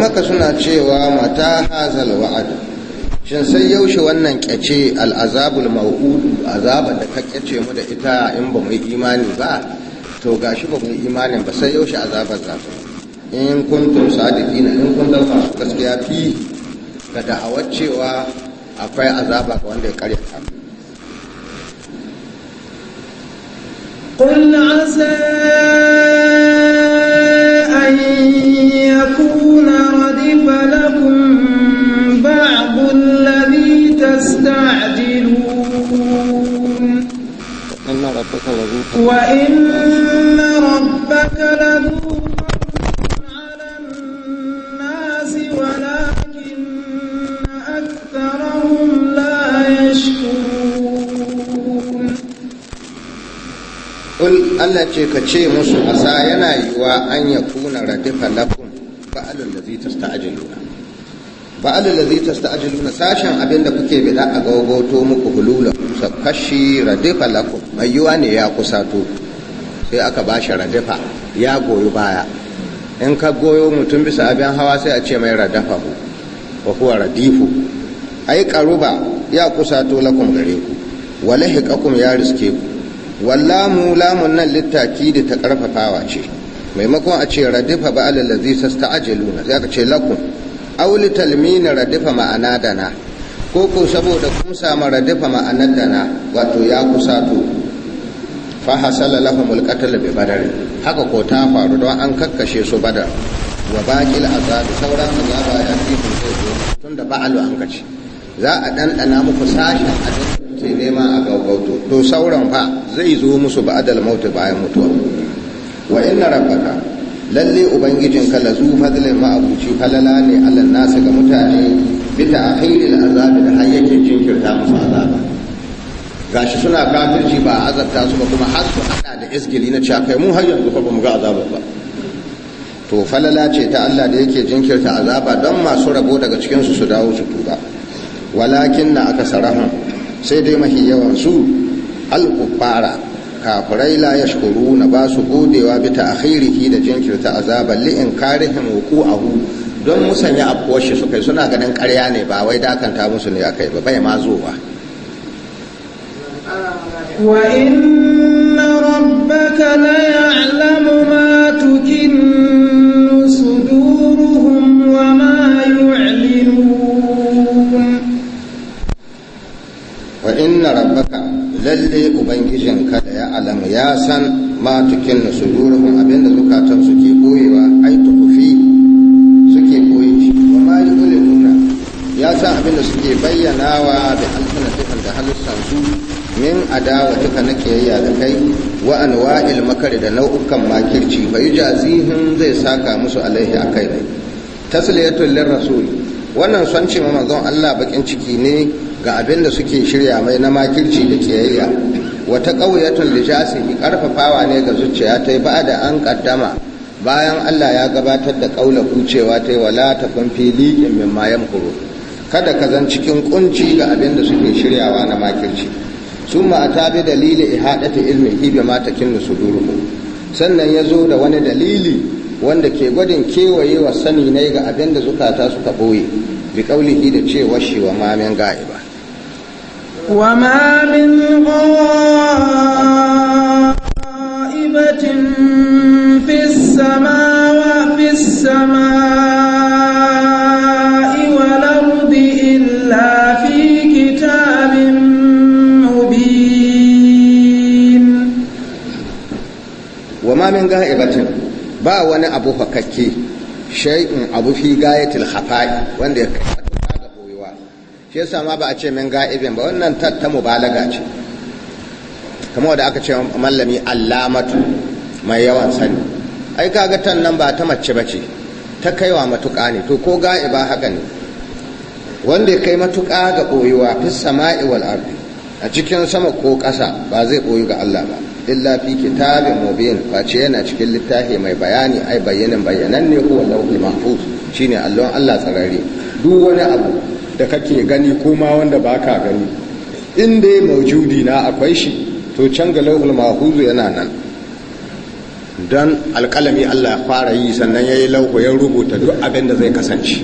maka suna cewa mata hazal wa'ad shin sai yaushe wannan kyace al'azabul maw'udu azaba da ka kyace mu da ita in ba mu yi imani ba to gashi ba mu yi imanin ba sai yaushe azabar za ta in kuntum sadiqina in kun zama su gaskiya fi ga da'awar cewa akwai azaba ga wanda ya karya ta قل عسى وإن ربك لذو على الناس ولكن أكثرهم لا يشكرون قل الله تكتشي مسو أساينا يوا أن يكون ردف لكم فعل الذي تستعجلون fa'alin da ta sashen abinda kuke bida a gogoto muku hulula su kashi radifa lakum mai ne ya kusato sai aka ba shi radafa ya goyi baya in ka goyo mutum bisa abin hawa sai a ce mai ku wa kuwa radifu ai karuba ya kusato lakum gare ku wala hiqakum ya riske ku wallamu lamun nan littaki da ta karfafawa ce maimakon a ce radifa ba alallazi na sai aka ce lakum auli talmina radifa ma'ana dana ko ko saboda kun samu radifa ma'anar dana wato ya kusato fa hasala lahumul qatl bi badar haka ko ta faru don an kakkashe su badar wa baqil azab sauran azaba ya fi sai tunda ba'alu an kace za a ɗanɗana muku sashen abin ke nema a gaugauto to sauran fa zai zo musu ba adal mautu bayan mutuwa wa inna rabbaka lalle ka la zu fadlin ma'abuci falala ne alal nasu ga mutane bita akhiril azabi da har yake jinkirta musu azaba gashi suna kafirci ba a azabta su ba kuma har su hada da isgili na cewa kai mun har yanzu fa bamu ga azaba ba to falala ce ta Allah da yake jinkirta azaba don masu rabo daga cikin su su dawo su tuba walakin na aka sarahun sai dai mahi yawan su alkufara kafirai la yashkuru na ba su godewa bi ta'khirihi da jinkirta azaba li in karihim wuqu'ahu don musanya afkuwar shi suka suna ganin karya ne ba wai dakanta musu ne akai ba bai ma zo ba وإن ربك ليعلم ما lalle ubangijinka da ya alamu ya san ma tukin na suduruhun abinda zukatan suke boyewa ai tukufi suke boye shi wa ma yi ya san abinda suke bayyanawa da alfanatifan da halittar su min adawa duka na kiyayya da kai wa alwa'il makari da nau'ukan makirci fa yujazihim zai saka musu alaihi akai ne tasliyatul lirrasul wannan son ce ma manzon Allah bakin ciki ne ga abin da suke shirya mai na makirci da kiyayya wata lijasi bi karfafawa ne ga zuciya ta ba da an kaddama bayan Allah ya gabatar da kaula kucewa ta wala takun fili liqin mimma yamkuru kada ka zan cikin kunci ga abin da suke shiryawa na makirci summa ta bi dalili ilmin hibe bi ma su suduruhu sannan ya zo da wani dalili wanda ke gwadin kewaye wa sani ne ga abin da zukata suka ɓoye bi kaulihi da cewa shi wa mamin ga'i ga'iba wa min ga'ibatin ba wani abu fakakke shay'un abu fi gayatil khafa'i wanda ya kai ga boyewa shi yasa ma ba a ce min ga'ibin ba wannan ta mubalaga ce kamar da aka ce mallami allamatu mai yawan sani ai kaga tan nan ba ta mace bace ta kaiwa matuƙa ne to ko ga'iba haka ne wanda ya kai matuƙa ga boyewa fi sama'i wal ardi a cikin sama ko ƙasa ba zai boyu ga Allah ba illa fi kitabin mubin face yana cikin littafi mai bayani ai bayanan bayanan ne huwa lauhul mahfuz shine allon Allah tsarare duk wani abu da kake gani ko ma wanda baka gani in dai maujudi na akwai shi to can ga lauhul mahfuz yana nan dan alkalami Allah ya fara yi sannan yayi lauhu ya rubuta duk abin da zai kasance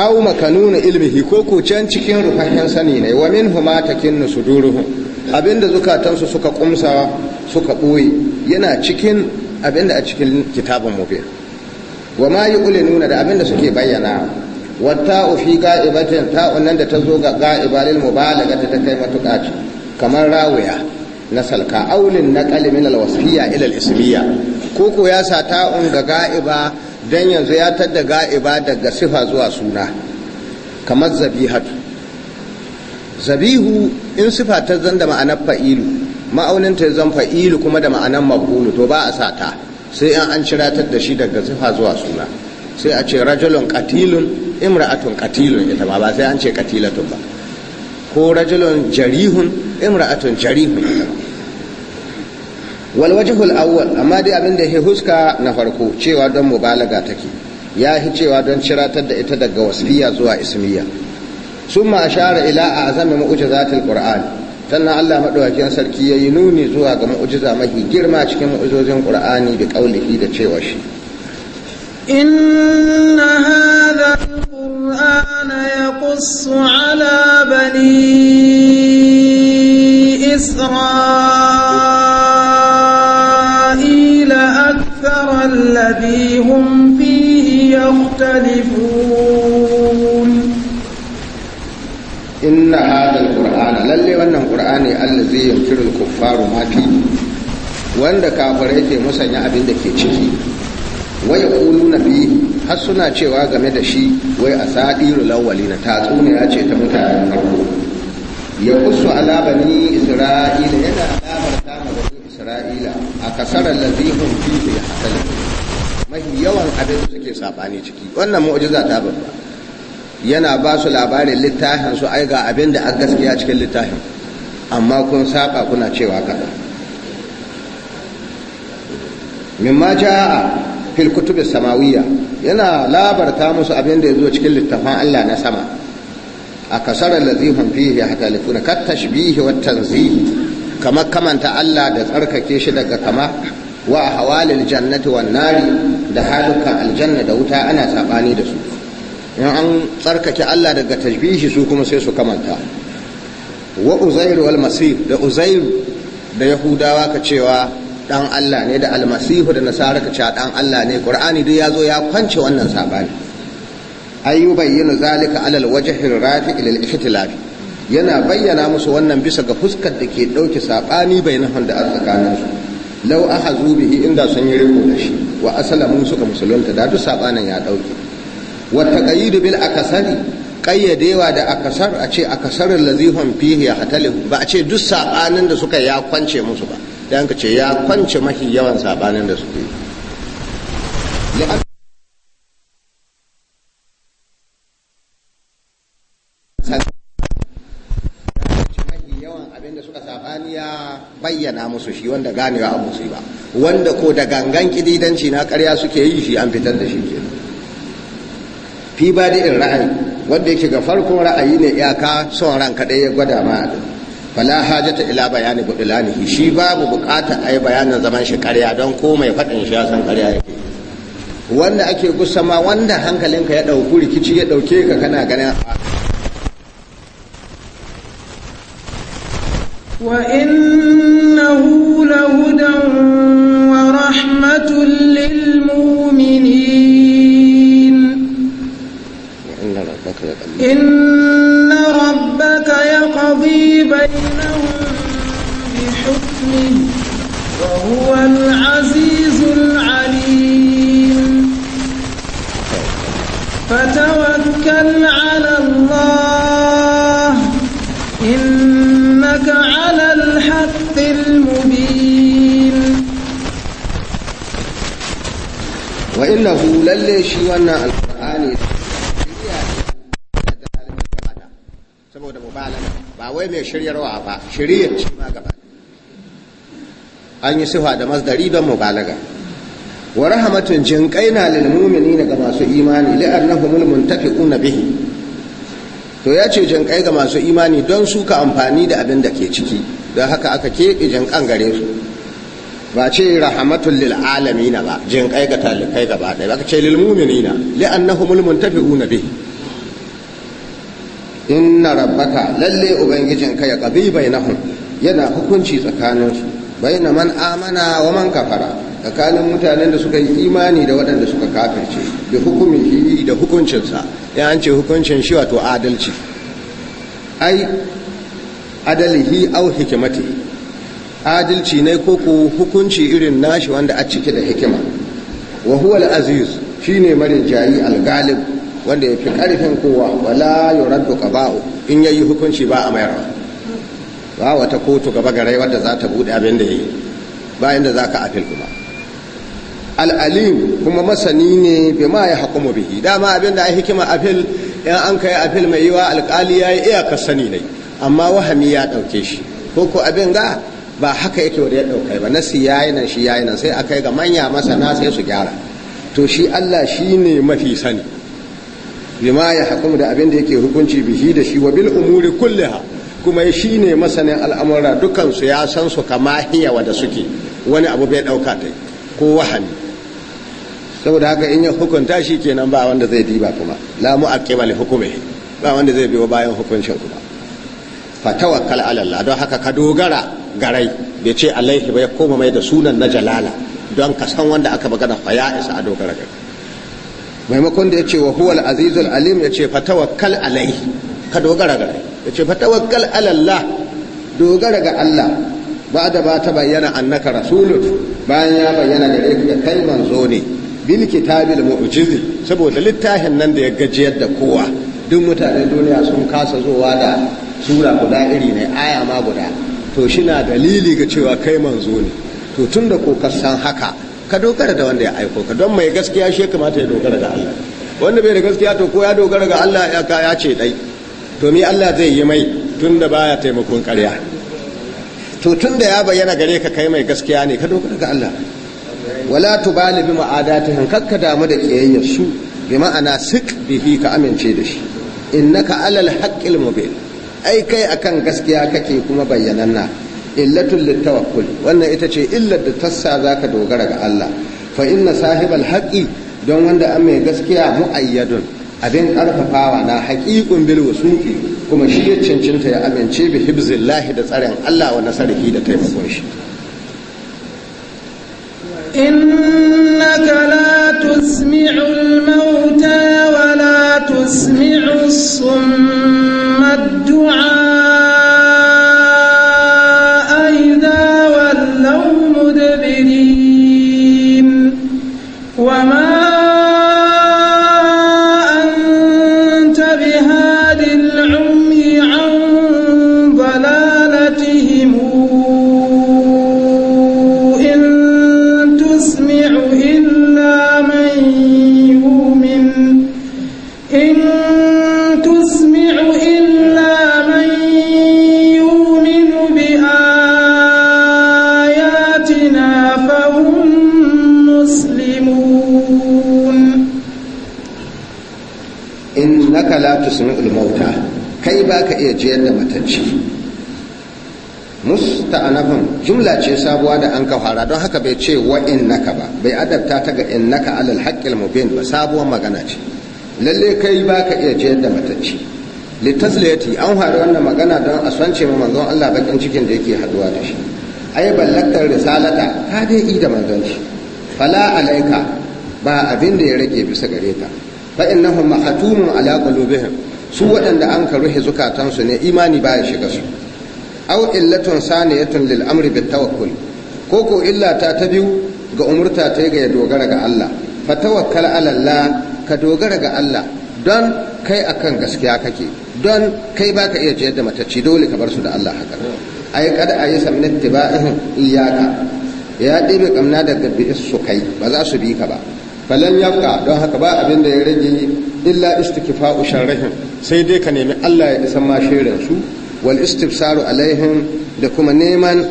aw makanuna ilmihi ko ko can cikin rufahin sani ne wa minhu ma takinnu suduruhum abinda zukatansu suka kumsa suka ɓoye yana cikin abinda a cikin kitabin mubin wa ma yi nuna da abinda suke bayyana wata ufi ga'ibatin ta'un nan da ta zo ga ga'ibalil mubalaga ta kai matuƙa ce kamar rawaya na salka aulin na kalimin alwasfiya ilal ismiya ko ko ya sa ta'un ga ga'iba dan yanzu ya tadda ga'iba daga sifa zuwa suna kamar zabihatu zabihu in sifa ta zan da ma'anar fa'ilu ma'aunin ta zan fa'ilu kuma da ma'anar maf'ulu to ba a sa ta sai in an ciratar da shi daga sifa zuwa suna sai a ce rajulun qatilun imra'atun qatilun ita ma ba sai an ce qatilatun ba ko rajulun jarihun imra'atun jarihun wal wajhul awwal amma dai abin da ya huska na farko cewa don mubalaga take ya hi cewa don ciratar da ita daga wasfiya zuwa ismiya summa ashara ila azami mu'jizatil qur'an sannan Allah madaukakin sarki yayi nuni zuwa ga mu'jiza mafi girma cikin mu'jizozin qur'ani da qaulihi da cewa shi inna hadha القرآن يقص على بني إسرائيل أكثر الذي هم فيه يختلفون lalle wannan zai zai yunkiru kuffaru mafi wanda kafirai yake musanya abin da ke ciki waya kulu na biyu, har suna cewa game da shi wai a sadiru na tatsuniya ce ta mutanen farko ya kusu alabani isra'ila yana alabar ma bani isra'ila a kasarar lazihun fi bil hasali mahi yawan abin da suke sabani ciki wannan mu'jiza ta babba yana ba su labarin littafin su ai ga abin an gaskiya cikin littafin amma kun saƙa kuna cewa kaza ma ja'a fil kutubis samawiyya yana labarta musu abin da zo cikin littafin Allah na sama a kasarar lazihun fihi hatalifuna kat tashbihi wat watan kamar kamanta Allah da tsarkake shi daga kama wa hawalin jannati wan nari da halukan aljanna da wuta ana tsabani da su in an tsarkake Allah daga tashbihi su kuma sai su kamanta wa uzairu wal masih da uzairu da yahudawa ka cewa dan Allah ne da al-masihu da nasara ka cewa dan Allah ne qur'ani duk yazo ya kwance wannan sabani ayu bayyana zalika alal wajhi rafi ila al-ihtilaf yana bayyana musu wannan bisa ga fuskar da ke dauke sabani bainahum da tsakanin su law akhazu bihi inda sun yi riko da shi wa aslamu suka musulunta da duk sabanin ya dauke wata ƙayyidu bil akasari ƙayyadewa da akasar a ce akasarin lazihon fihi a hatalin ba a ce duk saɓanin da suka ya kwance musu ba da ka ce ya kwance mafi yawan saɓanin da suke bayyana musu shi wanda ganewa a musu ba wanda ko da gangan kididanci na karya suke yi shi an fitar da shi kenan fi badi'in ra'ayi wanda yake ga farkon ra'ayi ne iyaka son ran kaɗai ya gwada ma fala hajata ila bayani budulanihi shi babu bukata ai bayanin zaman shi karya don ko mai faɗin shi ya san karya yake wanda ake ma wanda hankalinka ya ɗauku rikici ya ɗauke ka kana ganin وإنه لهدى ورحمة للمؤمنين إن ربك يقضي بينهم بحكمه وهو العزيز العليم فتوكل على الله إنك على الحق المبين وإنه للي شوانا ba wai mai shiryarwa ba shiryar ce ma gaba an yi sifa da masdari don mubalaga wa rahmatun jinqaina lil mu'minina ga masu imani li annahumul muntafiquna bihi to ya ce jinqai ga masu imani don su ka amfani da abin da ke ciki don haka aka keɓe jinqan gare su ba ce rahmatun lil alamin ba jinqai ga talikai gaba ɗaya ba ka ce lil mu'minina li annahumul muntafiquna bihi inna rabbaka lalle ubangijin ka ya kabi bainahum yana hukunci tsakaninsu baina man amana wa man kafara tsakanin mutanen da suka yi imani da waɗanda suka kafirce da shi da hukuncinsa ya an ce hukuncin shi wato adalci ai adalihi au hikimati adalci ne ko ko hukunci irin nashi wanda a cike da hikima wa huwa al-aziz shine marin jari al-galib wanda ya fi ƙarfin kowa wala yuraddu ba'u in ya yi hukunci ba a mayarwa ba wata kotu gaba garai wadda za ta bude abin da yi ba inda zaka afil kuma al'alim kuma masani ne bi ma ya mu bihi dama abin da a hikima afil in an kai afil mai yiwa alƙali ya yayi ka sani ne amma wahami ya ɗauke shi ko ko abin ga ba haka yake wanda ya ɗauka ba nasi yi nan shi yayi nan sai a kai ga manya masana sai su gyara to shi Allah shi ne mafi sani bima ya hukumu da abin da yake hukunci bihi da shi wa bil umuri kulliha kuma shi ne masanin al'amura dukansu ya san su kama hiyawa da suke wani abu bai ɗauka ta ko wahani saboda haka in ya hukunta shi kenan ba wanda zai diba kuma la mu li hukmihi ba wanda zai biyo bayan hukuncin kuma fa tawakkal ala Allah don haka ka dogara garai bai ce alaihi ba ya koma mai da sunan na jalala don ka san wanda aka magana fa ya isa a dogara garai maimakon da ya ce wa huwal azizul alim ya ce fatawakkal alai ka dogara ga ya ce fatawakkal alalla dogara ga Allah ba da ba ta bayyana annaka rasulun bayan ya bayyana gare da kai manzo ne bil kitabil mu'jizi saboda littafin nan da ya gajiyar da kowa duk mutanen duniya sun kasa zowa da sura guda iri ne aya ma guda to shi na dalili ga cewa kai manzo ne to tunda da ko san haka ka dogara da wanda ya aiko ka don mai gaskiya shi kamata ya dogara da Allah wanda bai da gaskiya to ko ya dogara ga Allah ya ka ya ce dai to ni Allah zai yi mai tunda baya taimakon ƙarya to tunda ya bayyana gare ka kai mai gaskiya ne ka dogara ga Allah wala tubali bi ma'adatihim kakka damu da kiyayyar su bi ma'ana sik bihi ka amince da shi innaka alal haqqil mubin ai kai akan gaskiya kake kuma bayyananna illatul littawakkul wannan ita ce illar da tassa zaka dogara ga Allah fa inna sahibal haƙƙi don wanda an mai gaskiya mu'ayyadun abin karfafawa na haqiqun bil wasuqi kuma shi ya cancanta ya amince bi hibzillah da tsaren Allah wa nasarihi da taimakon shi innaka la tusmi'ul mauta wa la tusmi'us summa du'a tusmi'ul mauta kai ba ka iya jiyar da matacci musta'anafun jumla ce sabuwa da an kafara don haka bai ce wa innaka ba bai adabta ta ga innaka alal haqqil mubin ba sabuwar magana ce lalle kai ba ka iya jiyar da matacci litasliyati an fara wannan magana don a sance ma manzon Allah bakin cikin da yake haduwa da shi ai ballakar risalata ka dai da manzon shi fala alaika ba abin da ya rage bisa gare ka fa innahum mahatumun ala qulubihim su waɗanda an ka ruhe zukatansu ne imani baya shiga su aw illatun saniyatun lil amri bit tawakkul ko ko illa ta ta biyu ga umurta ta ga ya dogara ga Allah fa tawakkal ala Allah ka dogara ga Allah don kai akan gaskiya kake don kai baka iya jiyar da matacci dole ka bar su da Allah haka ay kada ayi samnat tibaihim iyaka ya ɗebe kamna da bi'is su kai ba za su bi ka ba Balan yabka don haka ba abin da ya rage illa istikfa'u usharihin sai dai ka nemi Allah ya isan ma shirin su wal istifsaru alaihim da kuma neman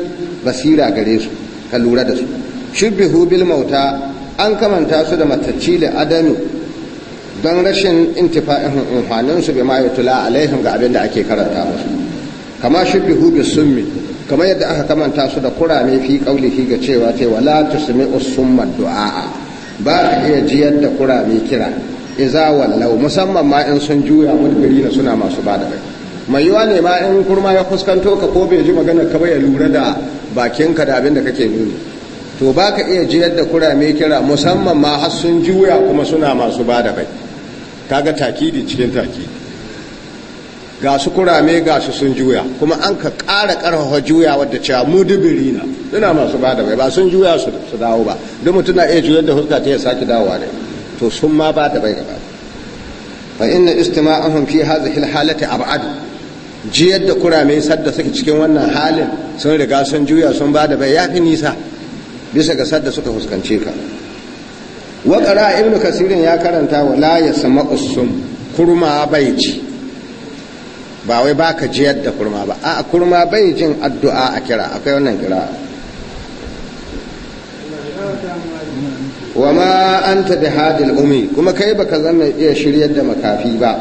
basira gare su ka lura da su shibihu bil mauta an kamanta su da matacci da adami don rashin intifa'in umfanin su bima yutula alaihim ga abin da ake karanta musu kama shibihu bi summi kama yadda aka kamanta su da kurame fi kaulihi ga cewa ce wala tusmi'u summa du'a ba ka iya jiyar da kurame kira iza wallau musamman ma in sun juya mutgari na suna masu ba bai mai yiwa ne ma in kurma ya fuskanto ka ko bai ji magana ka bai lura da bakinka da abin da kake nuni to ba ka iya jiyar da kurame kira musamman ma har sun juya kuma suna masu ba da bai kaga takidi cikin takidi ga su kurame ga su sun juya kuma an ka ƙara ƙarfafa juya wadda cewa mu dubiri na suna masu ba da bai ba sun juya su dawo ba don mutum na iya juyar da huska ta ya sake dawowa ne to sun ma ba da bai gaba fa inna istima'ahum fi hadhihi halati ab'ad jiyar da kurame sadda suke cikin wannan halin sun riga sun juya sun ba da bai fi nisa bisa ga sadda suka fuskance ka wa qara ibnu kasirin ya karanta wala yasma'us sum kurma bai ci ba wai ba ka jiyar da kurma ba a kurma bai jin addu'a a kira akwai wannan kira wa ma ta bi hadil umi kuma kai baka zan mai iya shiryar da makafi ba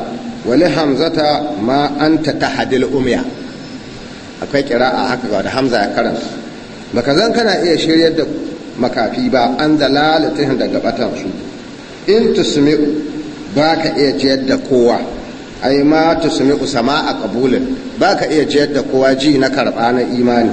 wali hamzata ma an ta ta hadil umiya akwai kira a haka ga da hamza ya karanta baka zan kana iya shiryar da makafi ba an dalalatin daga batan su in ba baka iya jiyar da kowa ai ma tusmi usama a ba baka iya jiyar da kowa ji na karba na imani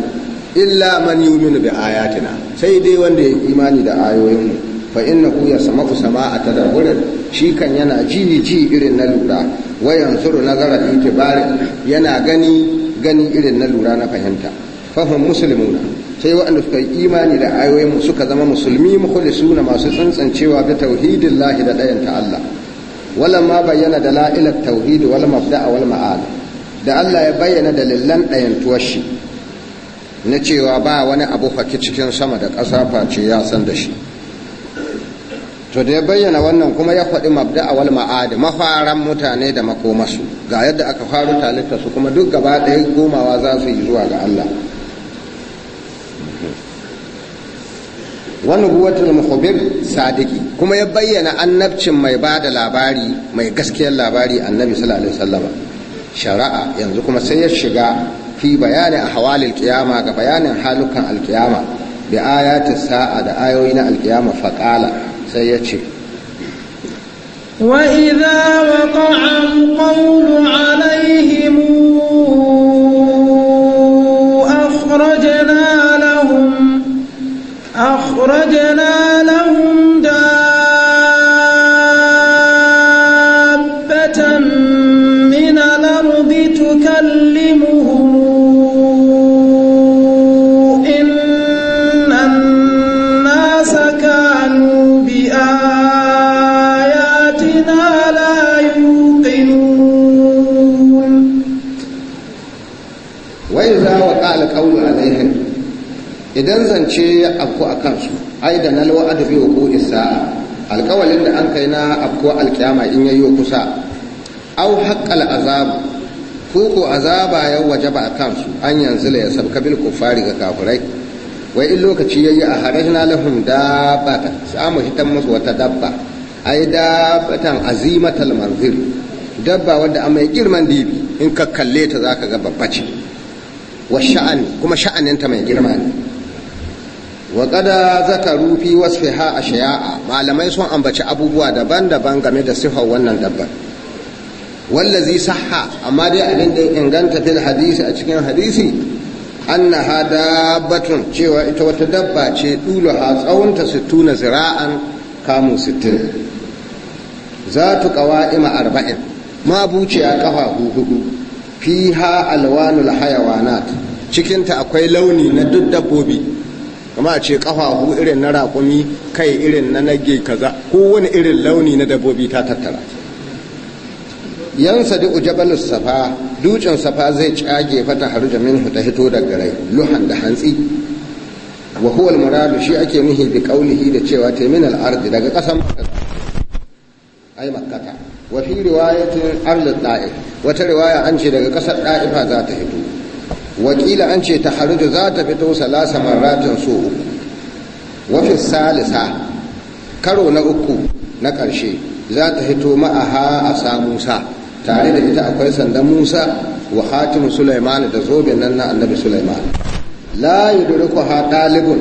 illa man yuminu bi ayatina sai dai wanda ya imani da ayoyin mu fa innahu yasma'u sama'ata da wurin shi kan yana ji ji irin na lura wayan wa yanzuru nazara itibari yana gani gani irin na lura na fahimta fahim muslimuna sai waɗanda suka yi imani da ayoyin suka zama musulmi mukhlisuna masu tsantsancewa da lahi da ɗayanta Allah ma bayyana la'ilar tauhid wal mabda'a ma'ad da Allah ya bayyana dalilan ɗayantuwar shi na cewa ba wani abu faki cikin sama da ƙasa face ya san da shi to da ya bayyana wannan kuma ya faɗi mabda'a wal ma'ad mafaran mutane da makomasu ga yadda aka faru talitta su kuma duk gaba ɗaya gomawa za su yi zuwa ga Allah Wani nubuwatul mukhbir sadiqi kuma ya bayyana annabcin mai ba da labari mai gaskiyar labari annabi sallallahu alaihi wasallam shari'a yanzu kuma sai ya shiga fi bayani a hawalil qiyama ga bayanin halukan alƙiyama bi ayati sa'a da ayoyi na alqiyama faqala sai ya ce wa idza waqa'a alqawlu alaihi وأخرجنا لهم دابة من الأرض تكلمهم إن الناس كانوا بآياتنا لا يوقنون وإذا وقع القول عليهم idan zance ya afku a kansu aidan da biyu wuqu'i sa'a alƙawalin da an kai na afkuwa alƙiyama in yayyo kusa au haqqal azab ko ko azaba ya wajaba a su an yanzu la yasabka bil kufari ga kafurai. wai in lokaci yayi a harajna lahum dabbata samu hitan musu wata dabba ai dabbatan azimatal manzir dabba wanda a mai girman dibi in ka kalle ta zaka ga babba ce wa sha'an kuma sha'aninta mai girma ne wa kada zakaru fi wasfiha ashya'a malamai sun ambaci abubuwa daban-daban game da sifar wannan dabbar wallazi sahha amma dai abin da inganta fil hadisi a cikin hadisi annaha batun cewa ita wata dabba ce dulaha tsawonta sittuna zira'an kamu sittin za tu qawa'ima arba'in ma buciya kafa hudu fiha alwanul hayawanat cikinta akwai launi na duk dabbobi kama a ce kafafu irin na raƙumi kai irin na nage kaza ko wani irin launi na dabbobi ta tattara yan da ujabalus safa dutsen safa zai cage fata haruja minhu ta hito daga rai luhan da hantsi wa huwa al shi ake nuhi bi qawlihi da cewa taiminal ardi daga kasan ai makkata wa fi riwayatin ardi da'if wata riwaya an ce daga kasar da'ifa za ta hito wakila an ce ta haruju za ta fito salasa marratin so uku wafin salisa karo na uku na ƙarshe za ta fito ma'aha a sa musa tare da ita akwai sandan musa wa hatimu sulaiman da zobin nan na annabi sulaiman la yudriku ha dalibun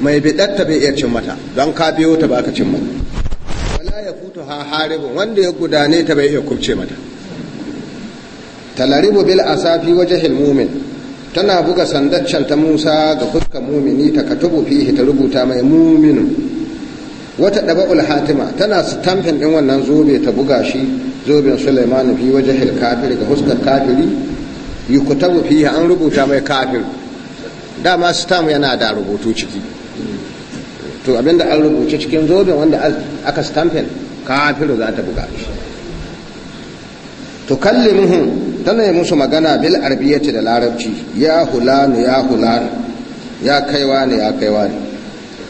mai bidatta bai iya cin mata don ka biyo ta baka cin mata wala ya futu ha haribun wanda ya gudane ta bai iya kubce mata talaribu bil asafi wajhil mu'min tana buga sandaccen ta musa ga fuska mumini ta katubu fihi ta rubuta mai muminu wata ɗaba'ul hatima tana tamfin ɗin wannan zobe ta buga shi zoben suleiman fi waje kafir ga fuskar kafiri yukutabu fihi an rubuta mai kafir dama stamp yana da rubutu ciki to abinda an rubuce cikin zoben wanda aka stamfin kafir za ta buga shi To kalli tukallimuhum tana musu magana bil arabiyyaci da larabci ya hulanu ya hulanu ya kaiwa ne ya kaiwa ne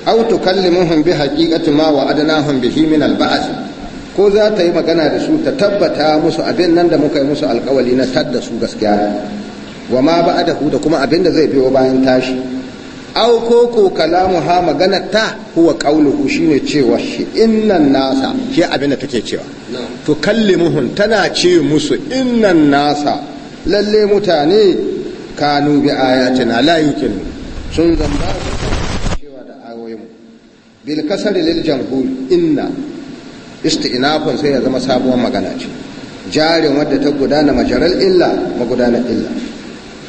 aw tukallimuhum bi haqiqati ma wa'adnahum bihi min al ko za ta yi magana da su ta tabbata musu abin nan da muka yi musu alkawali na tadda su gaskiya wa ma ba'dahu da kuma abin da zai biyo bayan tashi auko ko ko kalamu ha magana ta huwa qauluhu shine cewa shi innan nasa shi abin da take cewa to kallimuhun tana ce musu innan nasa lalle mutane kanu bi ayatina la yukin sun zamba cewa da ayoyin bil kasari lil jamhur inna isti'nafun sai ya zama sabuwar magana ce jarin wadda ta gudana majaral illa magudanar illa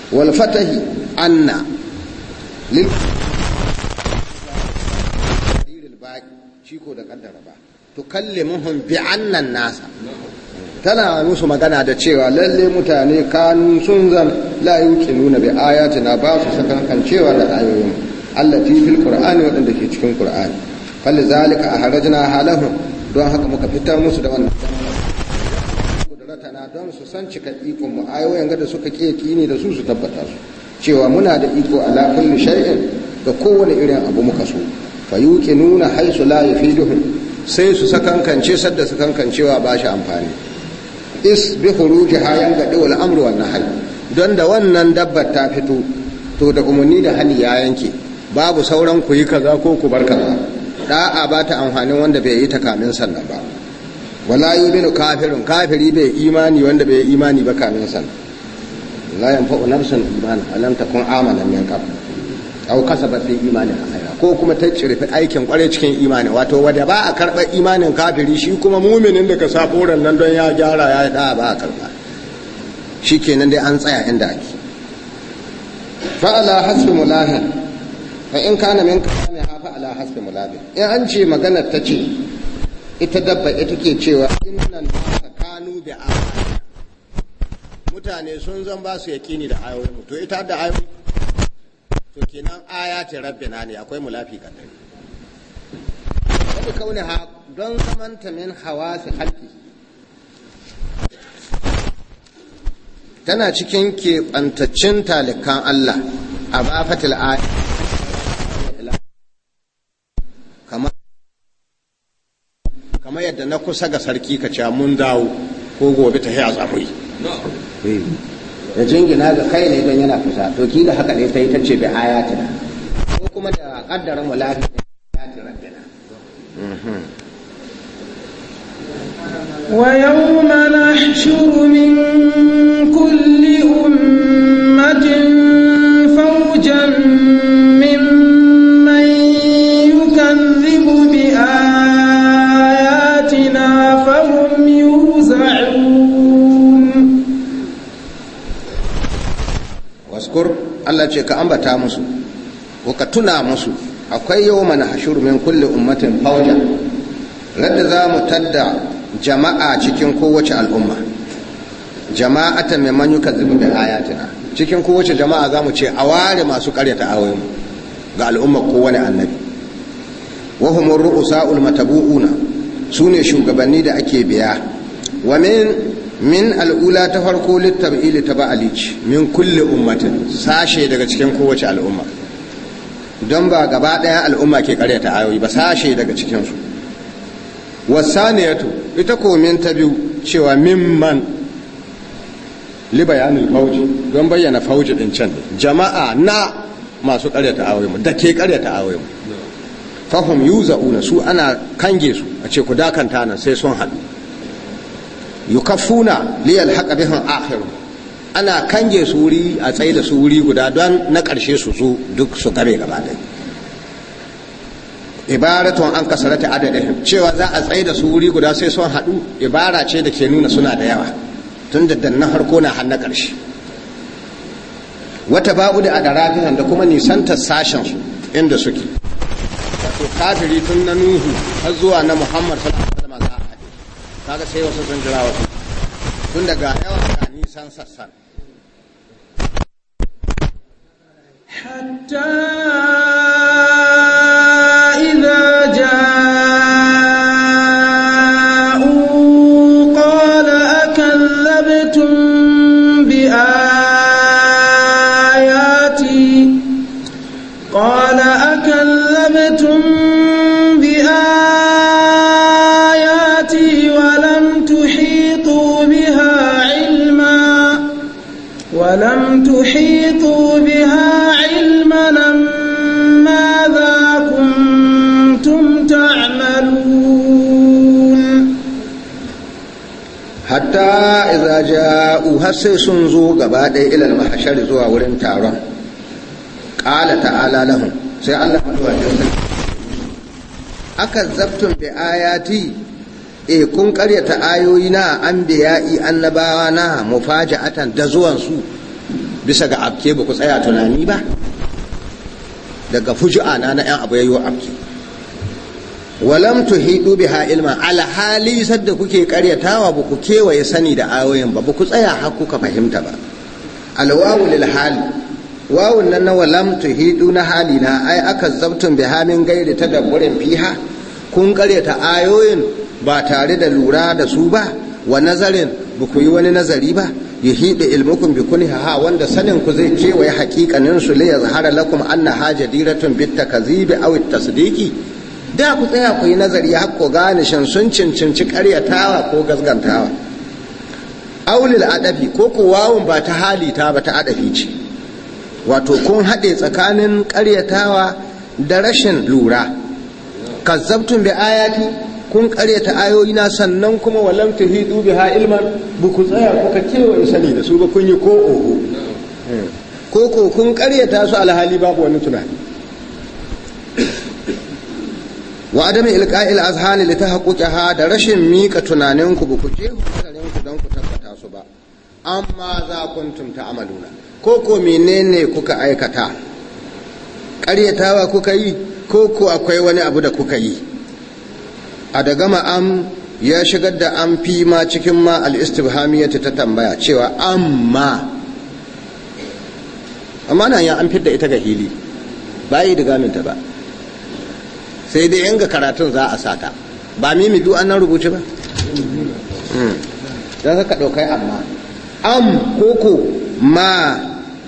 wal fatahi anna shi ko da kaddara ba muhun bi annan nasa tana musu magana da cewa lalle mutane kanu sun zan la nuna bi ayatina ba su sakankan cewa da ayoyin ti fil qur'ani wadanda ke cikin qur'ani fal zalika harajina halahu don haka muka fita musu da wannan na don su san cika ikon mu ayoyin ga da suka kiyaki ne da su su tabbata su cewa muna da iko a kulli shay'in ga kowane irin abu muka so fa nuna haisu la yufiduhum sai su sakankance sadda sakankancewa ba shi amfani is bi khuruji hayan ga wal amru wan nahy don da wannan dabbar ta fito to da umarni da hani ya yanke babu sauran ku yi kaza ko ku bar kaza da'a ba ta amfanin wanda bai yi takamin sannan ba wala bin kafirun kafiri bai imani wanda bai imani ba kamin sannan لا yanfa'u nafsan imanuha لم تكن عاملا من قبل aw كسب في imaniha khayra ko kuma ta cirfi aikin kware cikin imani wato wanda ba a karba imanin kafiri shi kuma muminin da ka sa boran nan don ya gyara ya da ba a karba kenan dai an tsaya inda ake fa ala hasbi mulahin fa in kana min kana fa ala hasbi mulahin in an ce magana ta ce ita dabba ita ke cewa innan kanu bi'a mutane sun zan ba su yaƙini da ayoyin to ita da ayoyi to kenan aya ce na ne akwai mulafi dare. wani kauni ha don zamanta min hawa su halki tana cikin keɓantaccen talikan Allah a bafatil aya kamar yadda na kusa ga sarki ka ce mun dawo ko gobe ta a tsafi da jingina ga kai ne don yana kusa to kila haka ne ta yi ta ce bi ayatina ko kuma da kaddarin mulafi ya ji rabbina ويوم نحشر من كل Allah ce ka ambata musu ko ka tuna musu akwai yau mana hashuru min kulle ummatin fauja radda za mu tadda jama'a cikin kowace al'umma jama'atan mai ka yukazzibu da ayatina cikin kowace jama'a za mu ce a ware masu karyata ayoyin ga al'umma kowane annabi wa humur ru'usaul matabu'una sune shugabanni da ake biya wa min min al'ula ta farko littab'ili ta ba'alici min kulle ummatin sashe daga cikin kowace al'umma don ba gaba ɗaya al'umma ke karyata ayoyi ba sashe daga cikinsu to ita ko min ta biyu cewa man li bayanin fauji don bayyana fauji din can jama'a na masu karyata ayoyi da ke karyata ayoyi mu yuzau na su ana kange su a ce ku dakanta nan sai sun haɗu yukaffuna li yalhaqa bihim akhiru ana kange su wuri a tsaye da su wuri guda don na ƙarshe su zo duk su game gaba ɗaya ibaratun an kasarata adadin cewa za a tsaye da su wuri guda sai sun haɗu ibara ce da ke nuna suna da yawa tun da danna harko na har na ƙarshe wata ba'u da adarafinan da kuma nisantar sashen su inda suke wato kafiri tun na nuhu har zuwa na muhammad sallallahu kaga sai wasu sun jira wasu tun daga yawa ga nisan sassan hatta hatta idza har sai sun zo gaba ɗaya ilal mahshar zuwa wurin taron qala ta'ala lahum sai Allah madawacin aka zabtun bi ayati e kun karyata ayoyi na an ya'i annabawa na mufaja'atan da zuwan su bisa ga abke ba ku tsaya tunani ba daga fuju'a na na yan abu yayyo abke walam tuhidu biha ilma alhali sadda kuke karyatawa ba ku kewaye sani da ayoyin ba ba ku tsaya har kuka fahimta ba alwawu lil hali wawu nan na walam hidu na hali na ai aka zabtun biha min gairi tadabburin fiha kun karyata ayoyin ba tare da lura da su ba wa nazarin ba ku yi wani nazari ba yuhidu ilmukum bi ha wanda sanin ku zai kewaye haqiqanin su li yazhara lakum anna hajadiratun bit takzibi aw at tasdiqi da ku tsaya ku yi nazari har ku gane shan sun cincinci karyatawa ko gasgantawa. aulil adabi ko ku wawun ba ta hali ta ba ta adabi ce wato kun haɗe tsakanin karyatawa da rashin lura kazzabtun bi ayati kun karyata na sannan kuma walam bi biha ilman bu ku tsaya kuka kewaye sani da su ba kun yi ko oho eh. ko ko kun karyata su alhali babu wani tunani wa adami ilqa'il azhani li tahaqquqiha da rashin mika tunanin ku ba ku je hankalin ku dan ku tabbata su ba amma za kuntum amaluna ko ko menene kuka aikata ƙaryatawa kuka yi ko ko akwai wani abu da kuka yi a daga ma'am ya shigar da an fi ma cikin ma al-istibhamiyyati ta tambaya cewa amma amma nan ya an da ita ga hili ba yi da gaminta ba sai dai yanga karatun za a sata ba mimi duk an rubuce ba hmm. don haka ɗaukai amma am koko ma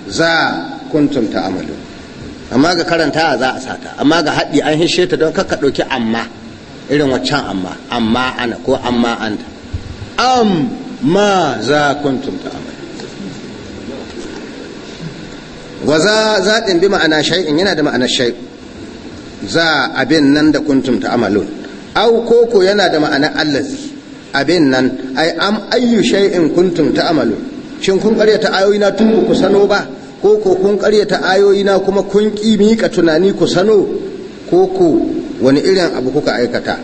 za kuntum ta amalu amma ga karanta za a sata amma ga haɗi an hishe ta don kaka ɗauki amma irin waccan amma amma ana ko amma anta am ma za kuntum ta amalu wa za zaɗin bi ma'ana shay'in yana da ma'ana shay'in za abin nan da kuntum amalun. au koko yana da ma'ana allazi abin nan ai am ayyu shay'in kuntum amalun. shin kun karyata ayoyi na tun ku sano ba koko kun karyata ayoyi na kuma kun ki mika tunani ku sano koko wani irin abu kuka aikata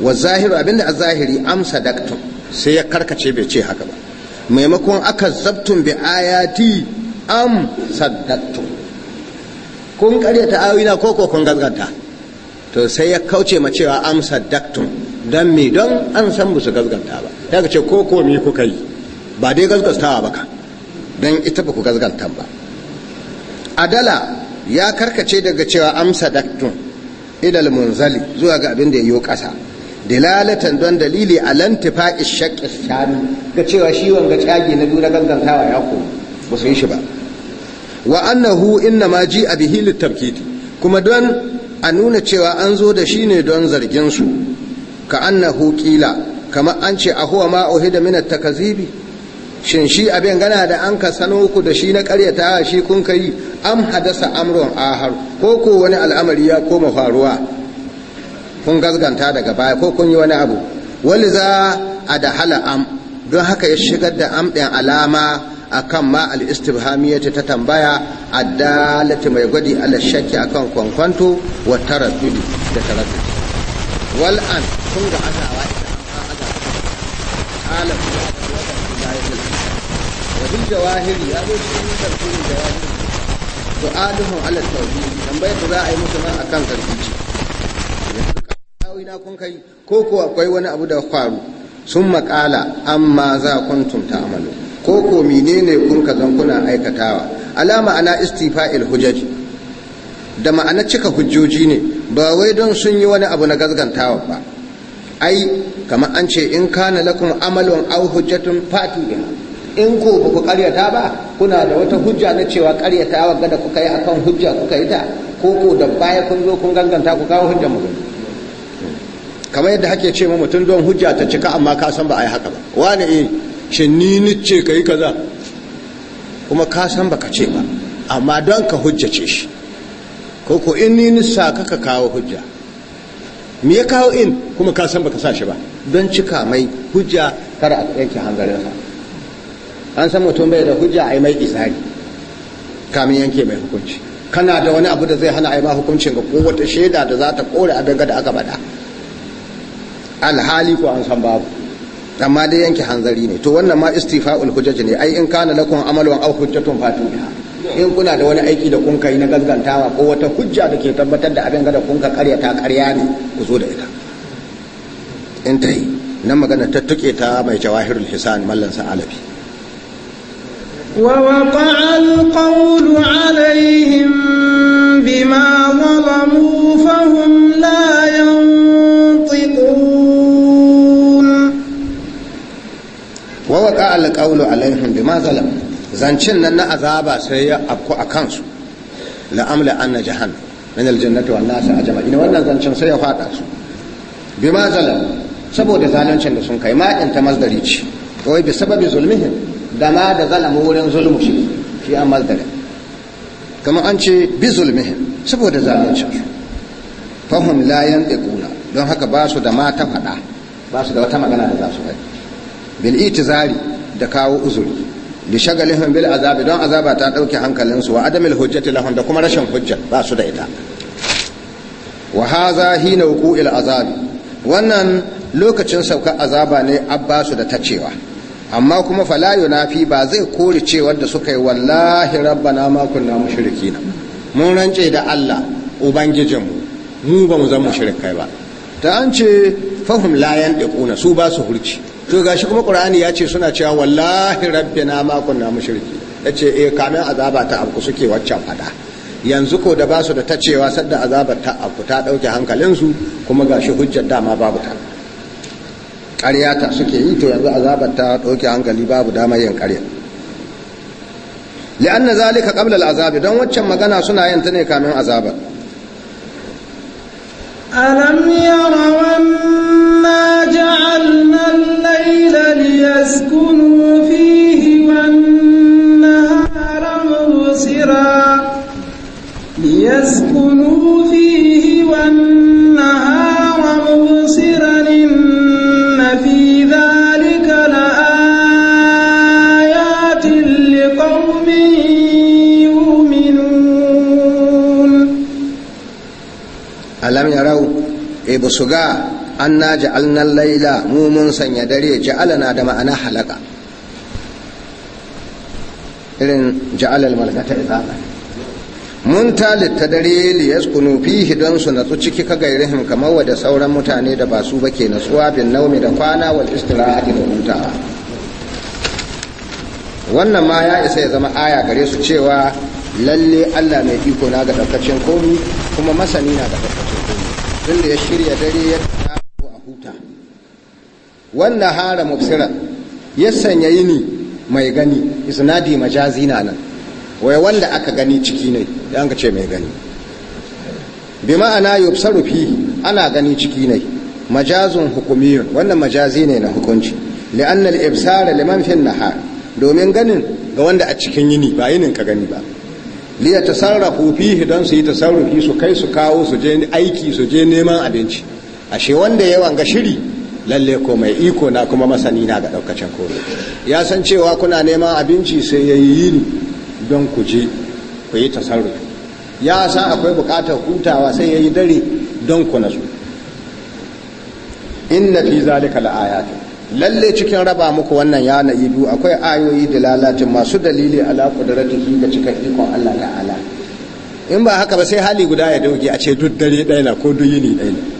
wa zahiru abinda a zahiri amsa sadaktu sai ya karkace bai ce haka ba maimakon aka zabtun bi ayati am sadaktu kun karyata awina ko ko kun gazgata to sai ya kauce ma cewa amsa daktun. Don me don an san ba su ba? ba ga ce ko ko me kuka yi ba dai gazgastawa ba ka don ita ba ku gazgata ba adala ya karkace daga cewa amsa daktun ilal munzali zuwa ga abin da ya yi kasa dilalatan don dalili a lantifa ishaƙi shani ga cewa shi wanga cagi na duna gangantawa ya ko ba su yi shi ba wa annahu inna ma ji a bihi littafkiti kuma don a nuna cewa an zo da shi ne don zarginsu ka annahu kila kamar an ce a huwa ma uhida min takazibi shin shi abin gana da an ka sano ku da shi na karyata shi kun kai am hadasa amrun ahar ko ko wani al'amari ya koma faruwa kun gasganta daga baya ko kun yi wani abu za a da hala am don haka ya shigar da am ɗin alama akan ma al-istibhamiyya ta tambaya a dalati mai gwadi ala shakki akan kwankwanto wa taraddudi da taraddudi wal an kun ga azawa ita an ka azawa ala kuma da wata wa duk jawahiri ya zo cikin tafsirin jawahiri du'aduhum ala tawhid tambayar da za a yi musu nan akan karfici na kun kai ko ko akwai wani abu da faru sun maƙala amma za kuntum ta'malu ko ko menene kun ka zan kuna aikatawa alama ana istifa'il hujjaji da ma'ana cika hujjoji ne ba wai don sun yi wani abu na gazgantawa ba ai kamar an ce in kana lakum amalun aw hujjatun fatu bi in ko ba ku karyata ba kuna da wata hujja na cewa karyatawa da kuka yi akan hujja kuka yi ta ko ko da baya kun zo kun ganganta ku kawo hujja mu kamar yadda hake ce mu mutum don hujja ta cika amma ka san ba a yi haka ba wani eh shin ni ce ka yi kaza kuma ka san baka ce ba amma don ka hujjace shi ko ko in ni nisa sa ka kawo hujja me ya kawo in kuma ka san baka sa shi ba don cika mai hujja kar a yanke hanzarinsa an san mutum bai da hujja a yi mai isari kamin yanke mai hukunci kana da wani abu da zai hana a yi ma hukuncin ga kowace shaida da za ta kore abin da aka bada alhali ko an san babu amma dai yanke hanzari ne to wannan ma istifa'ul hujjaj ne ai in kana lakum amalun aw hujjatun fatu in kuna da wani aiki da kun kai na gaskantawa ko wata hujja da ke tabbatar da abin da kun ka karya ta karya ne ku zo da ita in ta yi nan magana ta tuke ta mai jawahirul hisan mallan sa'alabi wa waqa'a al-qawlu alaihim bima zalamu fahum waƙa alƙaunu bi mazalam nan na azaba sai ya afku a kansu la'amla anna jahan min aljannati a wannan sai ya fada su bi mazalam saboda zaluncin da sun kai ma in ta ce bi sababi da ma da zalamu wurin zulmu shi an kamar an ce bi saboda zaluncin su don haka ba su da ma ta faɗa ba su da wata magana da za su bil itizari da kawo uzuri bi shagalihim bil azabi don azaba ta dauke hankalinsu wa adamil hujjati lahum da kuma rashin hujja ba su da ita wa hadha hina wuqu'il azabi wannan lokacin saukar azaba ne abbasu da tacewa amma kuma fala yunafi ba zai kore cewar da suka yi wallahi rabbana ma kunna mushrikina mun rance da Allah ubangijin mu ba mu zama mushrikai ba ta an ce fahum la yandiquna su ba su hurci to gashi kuma qur'ani ya ce suna cewa wallahi rabbina ma kunna mushriki yace eh kamin azaba ta abu suke waccan fada yanzu ko da basu da ta cewa sadda azabar ta abu ta dauke hankalinsu kuma gashi hujjar dama babu ta ƙarya ta suke yi to yanzu azabar ta dauke hankali babu dama yin ƙarya na zalika qabla al'azabi don waccan magana suna yin ta ne kamin azabar alam yarawan أنا جعلنا الليل ليسكنوا فيه والنهار مبصرا ليسكنوا فيه والنهار مبصرا إن في ذلك لآيات لقوم يؤمنون ألم يروا إيه بسجاء An na ja'alna laila mu mun sanya dare ja'alana da ma'ana halaka irin ja'alal malakata izaba mun talitta dare li yaskunu fihi don su natsu ciki ka gairihim kamar wa da sauran mutane da ba su ba ke natsuwa bin naumi da kwana wal istirahati da hutawa wannan ma ya isa ya zama aya gare su cewa lalle Allah mai iko na ga daukacin komi kuma masani na ga daukacin komi ya shirya dare ya wannan hara mafsira ya sanya yini mai gani isnadi majazi na nan wai wanda aka gani ciki ne ya ka ce mai gani bi ma'ana yubsaru fi ana gani ciki ne majazun hukumiyun wannan majazi ne na hukunci li'anna al-ibsara liman fi nahar domin ganin ga wanda a cikin yini ba yinin ka gani ba li yatasarrafu fihi don su yi tasarrufi su kai su kawo su je aiki su je neman abinci ashe wanda yawan ga shiri lalle ko mai iko na kuma masani na ga daukacin kore. ya san cewa kuna neman abinci sai ya yi ni don ku je ku yi tasarrufi ya san akwai bukatar hutawa sai ya yi dare don ku nasu inna fi zalika ta. lalle cikin raba muku wannan yana idu akwai ayoyi da lalacin masu dalili ala qudratihi ga cikin ikon Allah ta'ala in ba haka ba sai hali guda ya dauke a ce duk dare ɗaya ko duk yini ɗaya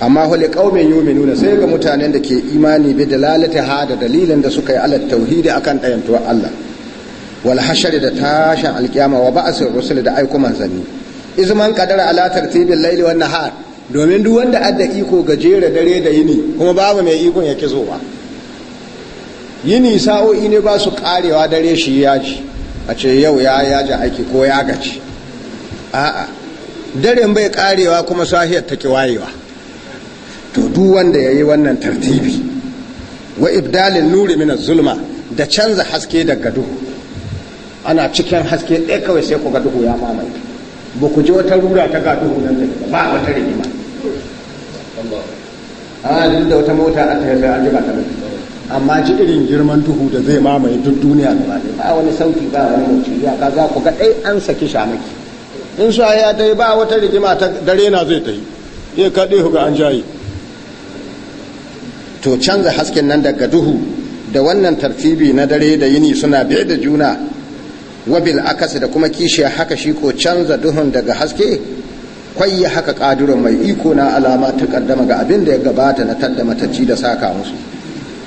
amma hali mai nuna, sai ga mutanen da ke imani bi lalata ha da dalilin da suka yi alat tauhidi akan dayantuwar Allah wal da tashin alkiyama wa ba'asir rusul da aiko manzanni izman kadara ala tartibil laili wan nahar domin duk wanda adda iko gajere dare da yini kuma babu mai ikon ya kizowa yini sa'o'i ne ba su karewa dare shi yaji a ce yau ya yaji aiki ko ya gaci a'a daren bai karewa kuma sahiyar take wayewa duk wanda yi wannan tartibi wa ibdalin nuri mina zulma da canza haske daga duhu ana cikin haske ɗaya kawai sai ku ga duhu ya mamaye ba ku ji wata rura ta ga duhu nan da ba wata rigima a halin ah, da wata mota a ta yasa an ji ba ta amma ji irin girman duhu da zai mamaye duk duniya gaba ba wani sauki ba wani mutu ya ka za ku ga ɗai an saki shamaki in sha ya dai ba wata rigima ta dare na zai ta yi ya kaɗe ga an jayi to canza hasken nan daga duhu da wannan tartibi na dare da yini suna biye da juna wabil akasi da kuma kishiya haka shi ko canza duhun daga haske kwayya haka ƙadurin mai iko na alama ta kaddama ga abin da ya gabata na tadda matacci da saka musu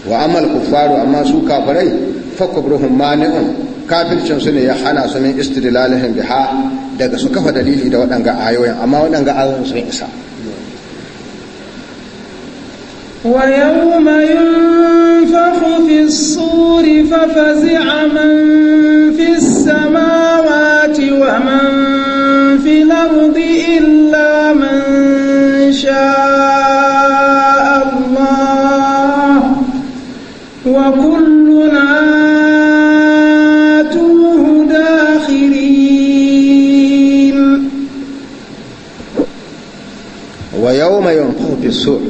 wa amal kuffaru amma su kafirai fakubruhun mani'un kafircin su ne ya hana su min istidlalihim biha daga su kafa dalili da waɗanga ayoyin amma waɗanga ayoyin sun isa ويوم ينفخ في الصور ففزع من في السماوات ومن في الأرض إلا من شاء الله وكلنا آتوه داخرين ويوم ينفخ في الصور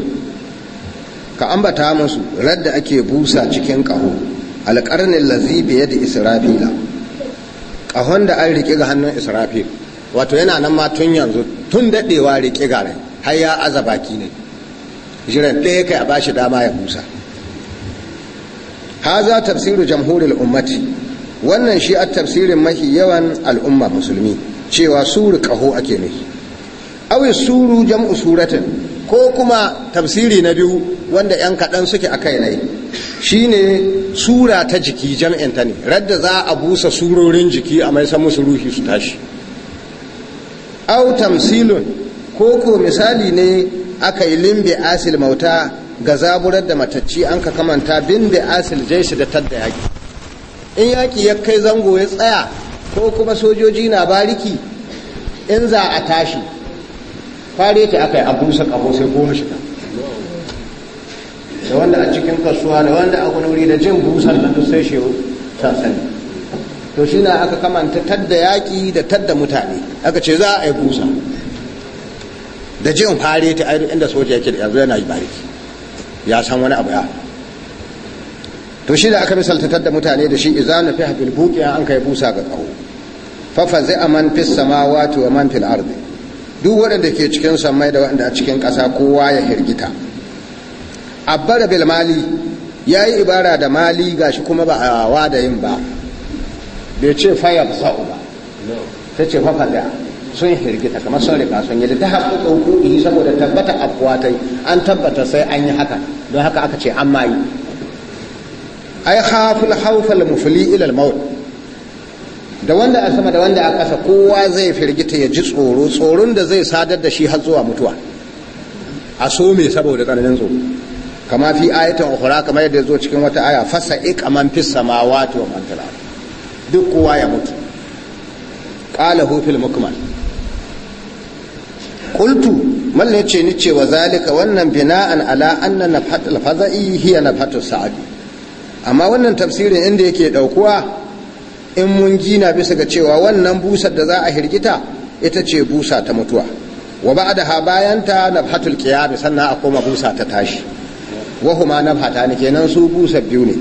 ambata musu radda ake busa cikin ƙaho alƙarnin lazibi da israfila ƙahon da an riƙe ga hannun israfil wato yana nan ma tun yanzu tun daɗewa riƙe ga rai har ya aza baki ne jiran ɗaya kai a bashi dama ya busa haza tafsiru jamhurin ummati wannan shi a tafsirin mafi yawan al'umma musulmi cewa suru ƙaho ake nufi awi suru jam'u suratin ko kuma tafsiri na biyu wanda 'yan kaɗan suke a kai nai ne sura ta jiki jam'inta ne radda za a busa surorin jiki a mai san musu ruhi su tashi au tamsilun ko ko misali ne aka yi limbe asil mauta ga zaburar da matacci an ka kamanta bin da asil jaishi da tadda yaki. in yaki ya kai zango ya tsaya ko kuma sojoji na bariki in za a tashi fare ta aka yi a busa sai goma shiga da wanda a cikin kasuwa da wanda a wuri da jin busan nan duk sai ta sani to shi na aka kamanta tadda yaƙi da tadda mutane aka ce za a yi busa da jin fare ta ainihin inda soja yake da yanzu yana yi bariki ya san wani abu ya to shi da aka misalta da mutane da shi na fi hafi buqiya an kai busa ga kawo fa fa zai aman fis samawati wa man fil ardi duk waɗanda ke cikin samai da waɗanda a cikin ƙasa kowa ya hirgita abbara bil mali ya yi ibara da mali ga gashi kuma ba a wa da yin ba bai ce ba sa'u ba ta ce fafada sun hirgita kamar sun rika sun da ta haƙƙo ɗauko saboda tabbata afuwatai an tabbata sai an yi haka don haka aka ce an mayi ai hafil haufal mufuli ilal maut da wanda a sama da wanda a kasa kowa zai firgita ya ji tsoro tsoron da zai sadar da shi har zuwa mutuwa a so me saboda tsananin tsoro kama fi ayatan ukhra kamar yadda zo cikin wata aya fasa iqaman fis samawati wa man duk kowa ya mutu qala hu fil mukmal qultu man ce ni ce wa zalika wannan bina'an ala anna nafatul fada'i hiya nafatus sa'ad amma wannan tafsirin inda yake ɗaukuwa. in mun gina bisa ga cewa wannan busar da za a hirgita ita ce busa ta mutuwa wa ba ba'daha bayanta fatul qiyam sannan a koma busa ta tashi Wahuma na fata ne kenan su busa biyu ne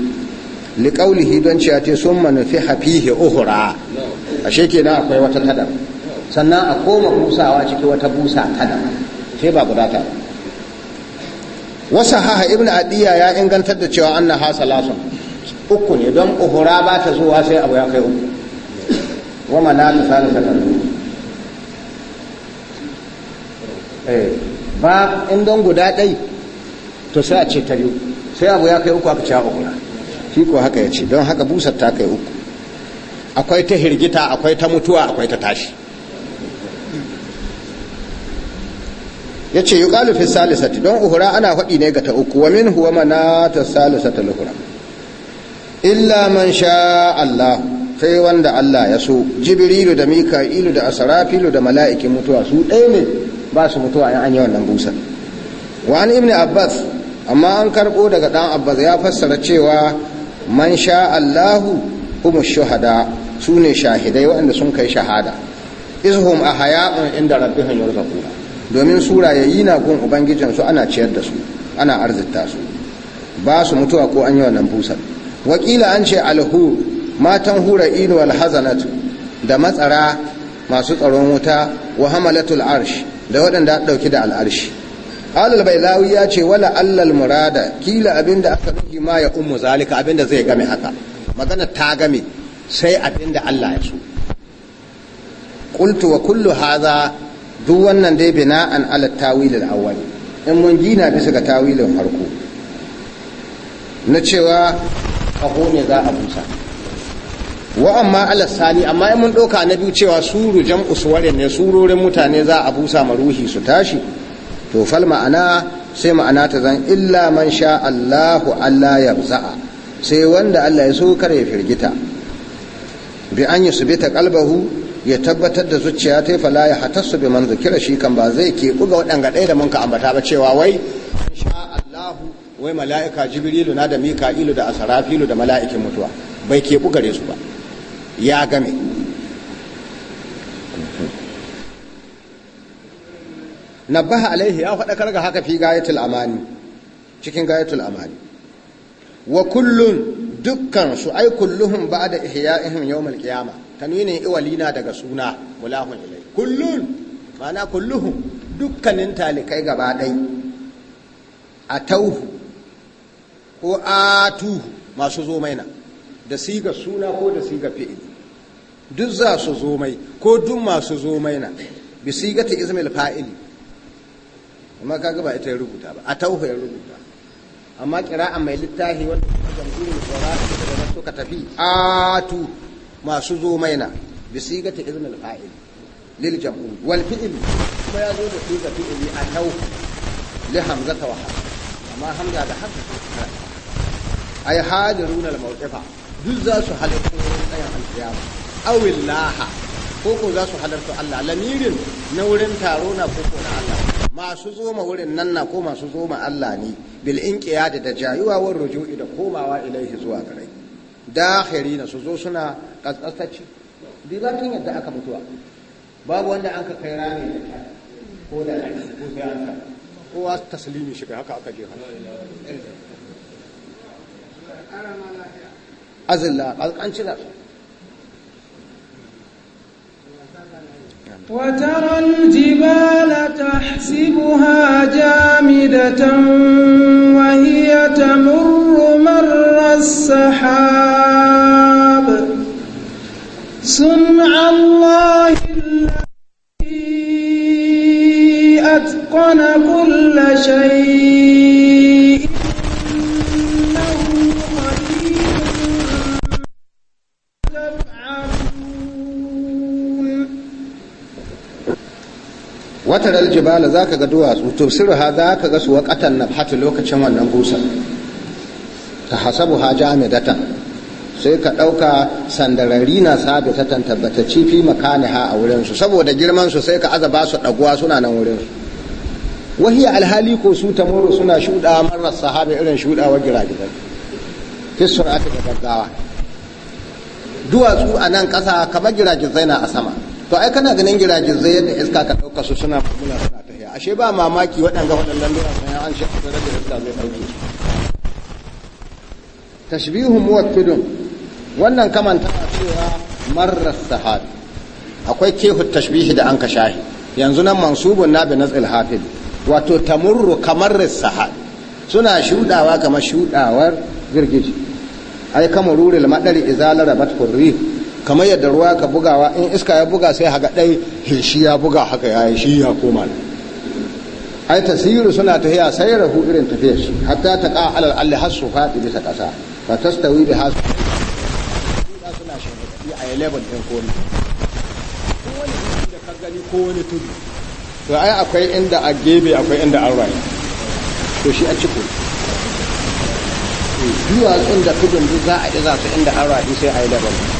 li qawlihi don cewa manufi summa nufiha fihi uhura. ashe kenan akwai wata tada sannan a koma busawa ciki wata busa tada sai ba guda ta haha ibnu adiya ya ingantar da cewa an na hasa lasun uku ne don uhura ba ta zuwa sai abu ya kai uku wa na ta sani ta eh, ba in don guda ɗai to sai a ce ta biyu sai abu ya kai uku aka ce uhura shi ko haka ya ce don haka busar ta kai uku akwai ta hirgita akwai ta mutuwa akwai ta tashi ya ce yi ƙalufin salisati don uhura ana faɗi ne ga ta uku wa min huwa mana ta salisata luhura illa man sha Allah sai wanda Allah ya so jibrilu da mika'ilu da asrafilu da mala'ikin mutuwa su ɗaya ne ba su mutuwa in an yi wannan busa wa an ibni abbas amma an karɓo daga dan abbas ya fassara cewa man sha Allahu kuma shuhada su ne shahidai waɗanda sun kai shahada izhum a haya'un inda rabbihun yarzaku domin sura yayi na gun ubangijinsu ana ciyar da su ana arzitta su ba su mutuwa ko an yi wannan busar wakila an ce alhur matan hura inu alhazanatu da matsara masu tsaron wuta wa hamalatul arsh da waɗanda ɗauki da al'arshi alal bailawi ya ce wala allal murada kila abinda aka nufi ma ya ummu zalika abinda zai game haka magana ta game sai abinda Allah ya so qultu wa kullu haza duk wannan dai bina'an ala tawilin al in mun gina bisa ga tawilin farko na cewa ƙaho ne za a busa wa amma alasani amma in mun ɗauka na biyu cewa suru jam'u suwarin ne surorin mutane za a busa ma ruhi su tashi to fal ma'ana sai ma'ana ta zan illa man sha Allahu Allah ya za'a sai wanda Allah ya so kar ya firgita bi an yi ta kalbahu ya tabbatar da zuciya ta yi fala ya hatassu bi man zikira shi kan ba zai ke buga waɗanga ɗaya da mun ka ambata ba cewa wai sha wai mala'ika jibrilu na da mika'ilu da asarafilu da mala'ikin mutuwa bai ke bugare su ba ya game nabaha alaihi ya faɗakar ga haka fi gayatul amani cikin gayatul amani wa kullun dukkan su ai kulluhum ba'da ihya'ihim yawmal qiyamah tanwinin iwalina daga suna mulahun ilai kullun ma'ana kulluhum dukkanin talikai gaba ɗai a tauhu ko atuhu masu zo maina da siga suna ko da siga fi'ili duk za su zo mai ko duk masu zo maina bi siga ta ismail fa'ili amma kaga ba ita rubuta ba a tauhu ya rubuta amma kira'a mai littafi wanda jam'iyyar tsara da suka tafi atu masu zo maina bi siga ta ismail fa'ili lil jam'u wal fi'il kuma ya zo da siga fi'ili a tauhu li hamzata wa amma hamza da hamza ay hadiruna al-mawqifa duk za su wurin tsayin alkiyama awil laha ko ko za su halarta Allah lamirin na wurin taro na koko na Allah masu zoma wurin nan na ko masu zoma Allah ne bil inqiyad da jayuwa war ruju'i da komawa ilaihi zuwa gare na su zo suna kaskasacci dilatin yadda aka mutuwa babu wanda an ka kai rami da ta ko da ko sai an ta kowa taslimi shi haka aka je haka azilla an cira su وترى الجبال تحسبها جامدة وهي تمر مر السحاب صنع الله الذي أتقن كل شيء watar aljibala za ka ga duwatsu tufsiru ha za ka ga su waƙatan na hatu lokacin wannan busa ta hasabu ha jami'atan sai ka ɗauka sandarari na sabi ta tabbatacci fi makani ha a wurinsu saboda girman su sai ka aza ba su ɗaguwa suna nan wurinsu wahi alhali ko su ta moro suna shuɗa marar sahabi irin shuɗawa gira-girai fi sur'ati da gaggawa duwatsu a nan kasa kamar gira-girai na a sama to ai kana ganin giragizai yadda iska ka ɗauka su suna fuguna suna tafiya ashe ba mamaki waɗanga waɗannan duwan sun an shi da rage iska zai ɗauke tashbihu muwaffidun wannan kaman ta cewa marar sahabi akwai kehu tashbihi da an ka shahi yanzu nan mansubun na bi nazil hafid wato tamurru kamar sahabi suna shudawa kamar shudawar girgiji ai kamar rurul madari izalar batkurri kamar yadda ruwa ka bugawa in iska ya buga sai haka ɗai shi ya buga haka ya shi ya koma ai tasiru suna tafiya sai rahu irin tafiyar su hatta ta ka alal alli har su faɗi bisa ƙasa fa tastawi bi hasu suna shahidi a 11 ɗin komi ko wani da ka gani ko wani tudu to ai akwai inda a gebe akwai inda an rayu to shi a ciko duwatsun da tudun duk za a ɗi za su inda an rayu sai a yi labarin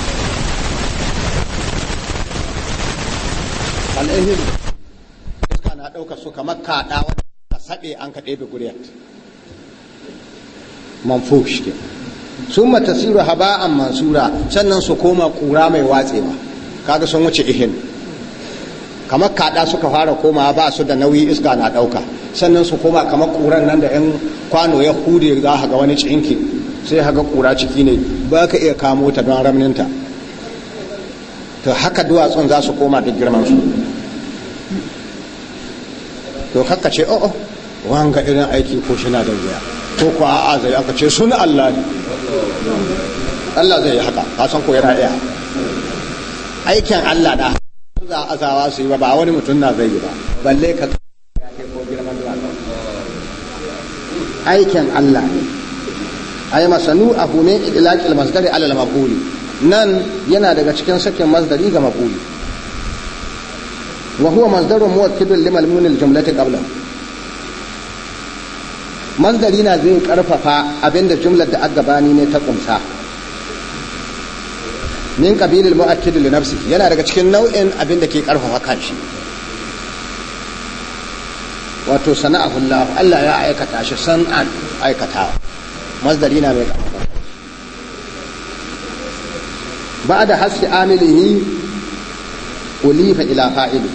al'ahiru iska na ɗauka su kamar kaɗa wanda ka saɓe an ka ɗebe guriyat manfush ke sun matasiru haba'an mansura sannan su koma ƙura mai watsewa kaga sun wuce ihin kamar kaɗa suka fara koma ba su da nauyi iska na ɗauka sannan su koma kamar ƙuran nan da 'yan kwano ya hude za ga wani cinki sai haga ƙura ciki ne ba ka iya kamo ta don ramninta to haka duwatsun za su koma duk girman su to haka ce o'o oh, oh, wanga irin aiki ko shi na da wuya ko ko a'a zai aka ce sun Allah ne Allah zai yi haka san ko yana iya aikin Allah da za a azawa su yi ba ba wani mutum na zai yi ba balle ka ko girman aikin Allah ne ay abu ne ilaqil masdari ala al-maquli nan yana daga cikin sakin masdari ga maƙuli wa huwa masdarun muwakkidun limal munil jumlati qabla masdari na zai karfafa abinda jumlar da aggabani ne ta kumsa min qabilil muakkid li nafsi yana daga cikin nau'in abinda ke karfafa kanshi wato sana'a Allah Allah ya aikata shi san'an aikatawa masdari na mai ba'da haski amilihi ulifa ila fa'ili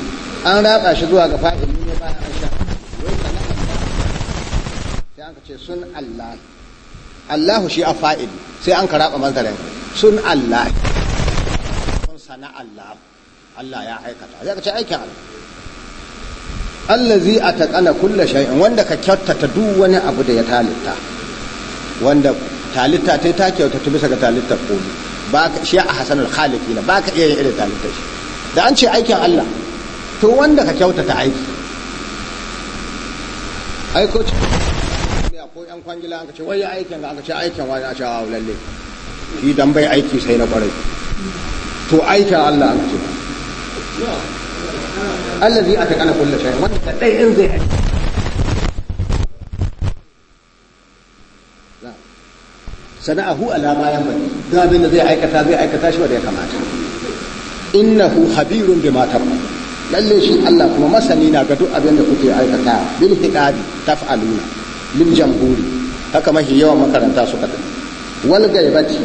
an ratsa shi zuwa ga fa'ili ne ba an sha Wai sai an ce sun Allah Allahu shi a fa'ili sai an ka ratsa mazdarin sun Allah sun sana Allah Allah ya aikata ya ce aikin Allah allazi ataqana kullu shay'in wanda ka kyautata duk wani abu da ya talitta wanda talitta ta ta kyautata bisa ga talittar komai ba ka shi a hasanul na ba ka iya yin irin zalunta shi da an ce aikin Allah to wanda ka kyautata aiki ai ko ko yan kwangila an ka ce wai aikin ga ka ce aikin wani a ce wa lalle shi dan bai aiki sai na kwarai to aikin Allah an ce Allah zai aka kana kullu shay'in wanda dai in zai aiki sana'ahu ala bayan bari don abin da zai aikata zai aikata shi wanda ya kamata innahu habirun bima tarma lalle shi Allah kuma masani na ga duk abin da kuke aikata bil hiqabi taf'aluna lil jamhuri haka mahi yawan makaranta suka tafi wal gaibati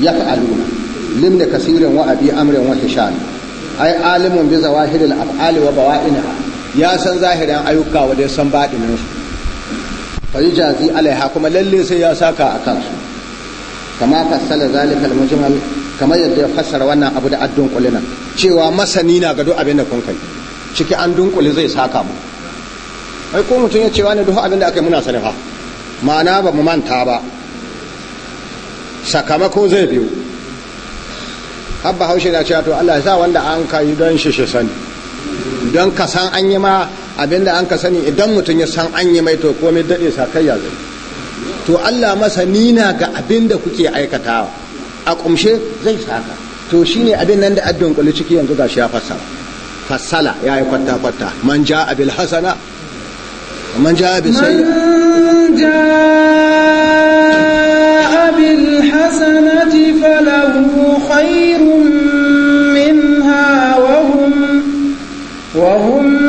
yaf'aluna limda kasirin wa abi amrin wa hisham ai alimun bi zawahiril af'ali wa bawa'inha ya san zahirin ayyuka wanda ya san baɗinin su fa jazi alaiha kuma lalle sai ya saka a kansu kama fassala zalikal mujmal kama yadda ya fassara wannan abu da addun kulina cewa masani na ga duk abin da kun kai ciki an dunkule zai saka mu ai ko mutum ya ce wani duk abin da aka yi muna sani fa ma'ana ba mu manta ba sakamako zai biyo habba haushe na cewa to Allah ya sa wanda an kai don shi shi sani don ka san an yi ma abin da an ka sani idan mutum ya san an yi mai to komai dade sakayya zai to Allah masa na ga abin da kuke aikatawa a kumshe zai saka to shine abin nan da addon kullu ciki yanzu shi ya fassara fassala yi kwatta kwatta man ja bil hasana man ja bil sayyi man jaa bil hasanati falahu khairun minha wa hum wa hum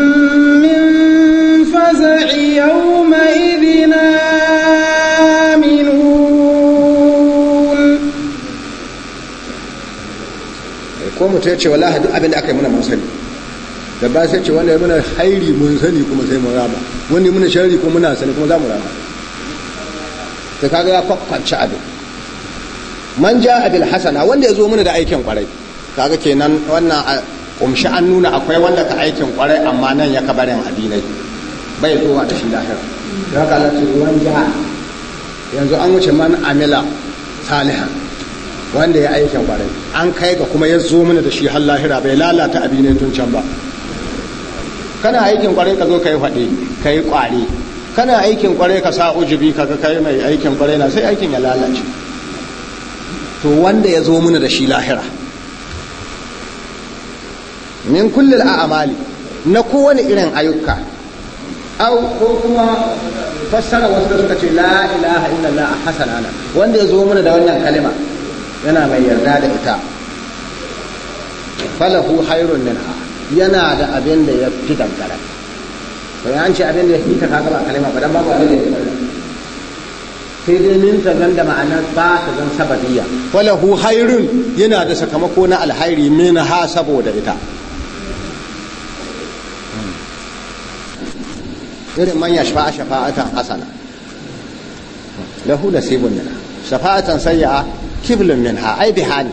ko mutum ya ce wallahi duk abin da aka yi muna mun sani da ba sai ce wanda ya muna hairi mun sani kuma sai mun raba wanda muna sharri kuma muna sani kuma za mu raba ta kaga ya kwakwanci abin man ja abil hasana wanda ya zo muna da aikin kwarai kaga kenan wannan kumshi an nuna akwai wanda ka aikin kwarai amma nan ya kabarin addinai. bai zuwa da shi lahira da haka Allah ce ruwan ja yanzu an wuce man amila salihan wanda ya aikin kwarai an kai ga kuma ya zo mana da shi har lahira bai lalata abin ne tun can ba kana aikin kwarai ka zo ka yi faɗi ka yi kwari kana aikin kwarai ka sa ujubi ka kai mai aikin kwarai na sai aikin ya lalace to wanda ya zo mana da shi lahira min kullil a'amali na kowane irin ayyuka au ko kuma fassara wasu da suka ce la ilaha illallah hasana wanda ya zo mana da wannan kalima yana mai yarda da ita falahu hairun minha yana da abin da ya fi dankara to an ce abin da ya fi ta kaga ba kalima ba dan babu abin da ya sai dai min ta zan da ma'anar ba ta zan sababiyya falahu hairun yana da sakamako na alhairi min ha saboda ita irin manya shafa'a shafa'atan hasana lahu nasibun minha shafa'atan sayya'a kiblin min ha ai bihani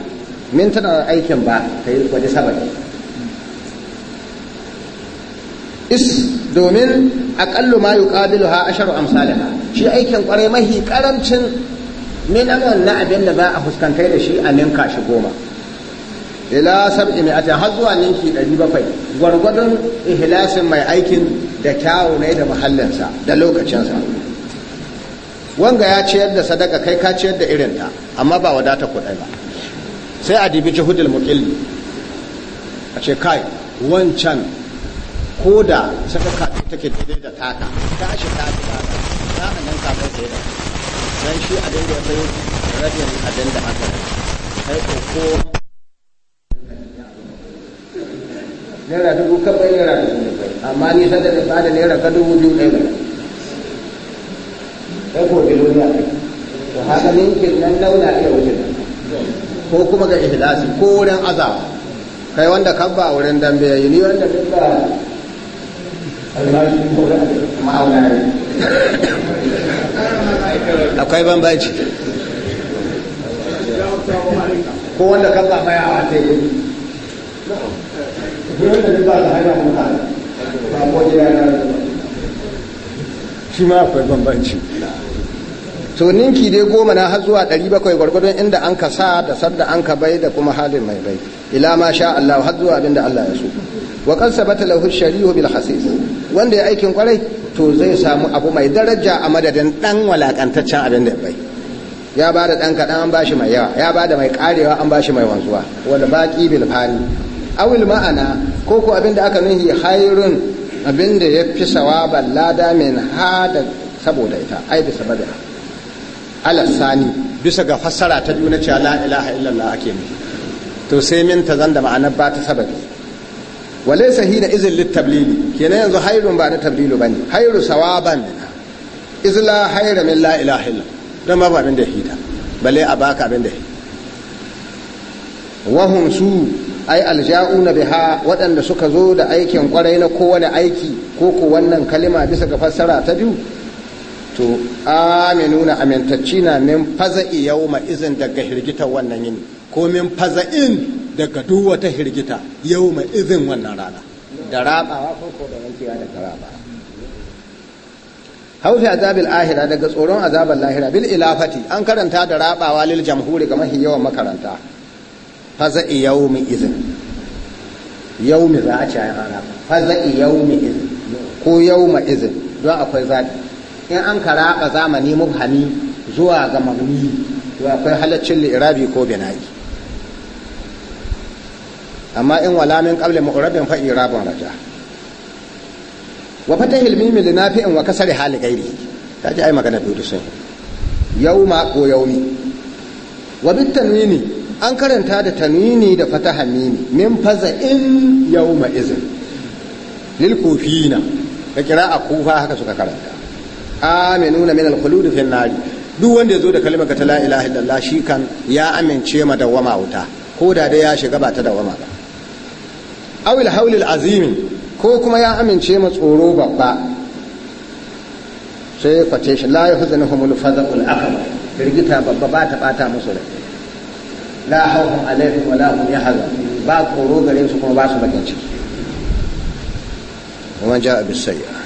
min tana aikin ba ka yi wani sabari is domin aƙallu ma yi ƙabilu ha asharu amsalin shi aikin kwarai mahi ƙarancin min amon na abin da ba a fuskantar da shi a ninka shi goma ila sab'i mi'atin har zuwa ninki ɗari bakwai gwargwadon ihlasin mai aikin da kyawu ne da muhallinsa da lokacinsa wanga ya ciyar da sadaka kai ka ciyar da irinta amma ba wadata kuɗai ba sai a dibi jihudul muqilli a ce kai wancan ko da sadaka take daidai da taka ta shi ta ji ba za a nan kafin sai da dan shi a dinga sai rabin abin da haka sai ko ko naira dubu kan bai naira dubu amma ni sadaka ba da naira ka dubu biyu ɗaya ko biloni a kai to haka nan launa ko kuma ga ihlasi ko wanda ka ba wurin dambe yayi ni wanda duk ba akwai bambanci ko wanda ka ba mai ta yi wanda ne ba ta ba ko shi ma akwai bambanci so ninki dai goma na har zuwa ɗari bakwai gwargwadon inda an ka sa da sadda an ka bai da kuma halin mai bai ila ma sha Allah har zuwa abinda Allah ya so wa kan sabata lahu shari'u bil hasis wanda ya aikin kwarai to zai samu abu mai daraja a madadin dan walakantaccen abin da bai ya ba da dan kaɗan an bashi mai yawa ya ba da mai karewa an bashi mai wanzuwa wal baqi bil fani awil ma'ana ko ko abin aka nuhi hayrun abin da ya fi sawaban lada min hada saboda ita ai bisa bada alasani bisa ga fassara ta biyu na cewa la ilaha illallah ake mu to sai min ta zan da ma'anar ba ta sababi wale sahina izin littablili kenan yanzu hairun ba na tablilu bane hairu sawaban na izla haira min la ilaha illa don ba abin da hita bale a baka abin da wahun su ai alja'una biha waɗanda suka zo da aikin kwarai na kowane aiki ko ko wannan kalima bisa ga fassara ta biyu to aminuna amintacci na min faza'i yawma izin daga hirgitar wannan yini ko min faza'in daga duwata wata hirgita yawma izin wannan rana da rabawa ko ko da wankewa daga hau fi azabil ahira daga tsoron azabin lahira bil ilafati an karanta da rabawa lil jamhuri ga mahi yawan makaranta faza'i yawmi izin yawmi za a ci a rana faza'i yawmi izin ko yawma izin don akwai zaɓi in an karaba zamani mubhami zuwa ga mabni to akwai halaccin li'irabi ko bina'i amma in wala min qabla mu'rabin fa irabun raja wa fata hilmimi li nafi'in wa kasari hali gairi ta ji ai magana biyu sun yauma ko yaumi wa bit tanwini an karanta da tanwini da fata mimi min faza in yauma izin lil kufina ka kira a kufa haka suka karanta aminuna min al-khulud fi an-nar duk wanda ya zo da kalmar ka ta la ilaha illallah shi kan ya amince ma dawama wuta ko da dai ya shiga ba ta dawama ba aw al-hawl al-azim ko kuma ya amince ma tsoro babba sai kwace shi la yahzanuhum al-faza'u al-akbar firgita babba ba ta bata musu rai la hawhum alaihim wa la hum yahzan ba tsoro gare su kuma ba su bakin ciki ومن جاء بالسيئه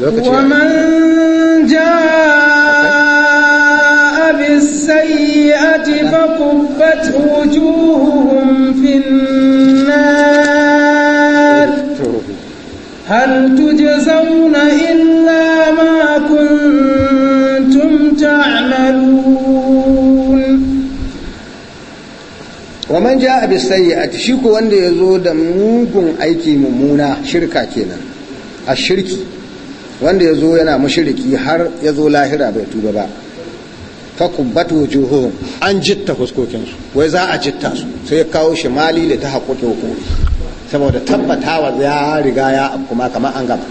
ومن جاء بالسيئة فكبت وجوههم في النار هل تجزون إلا ما كنتم تعملون ومن جاء بالسيئة شيكو وند يزود موغن أيكي ممونا شركة كينا الشركي wanda ya zo yana mashiriki har ya zo lahira bai tuba ba fakubbat wujuhuhum an jitta fuskokinsu wai za a jitta su sai ya kawo shi mali da ta haƙuƙe hukumi saboda tabbatawa ya riga ya kuma kamar an gaba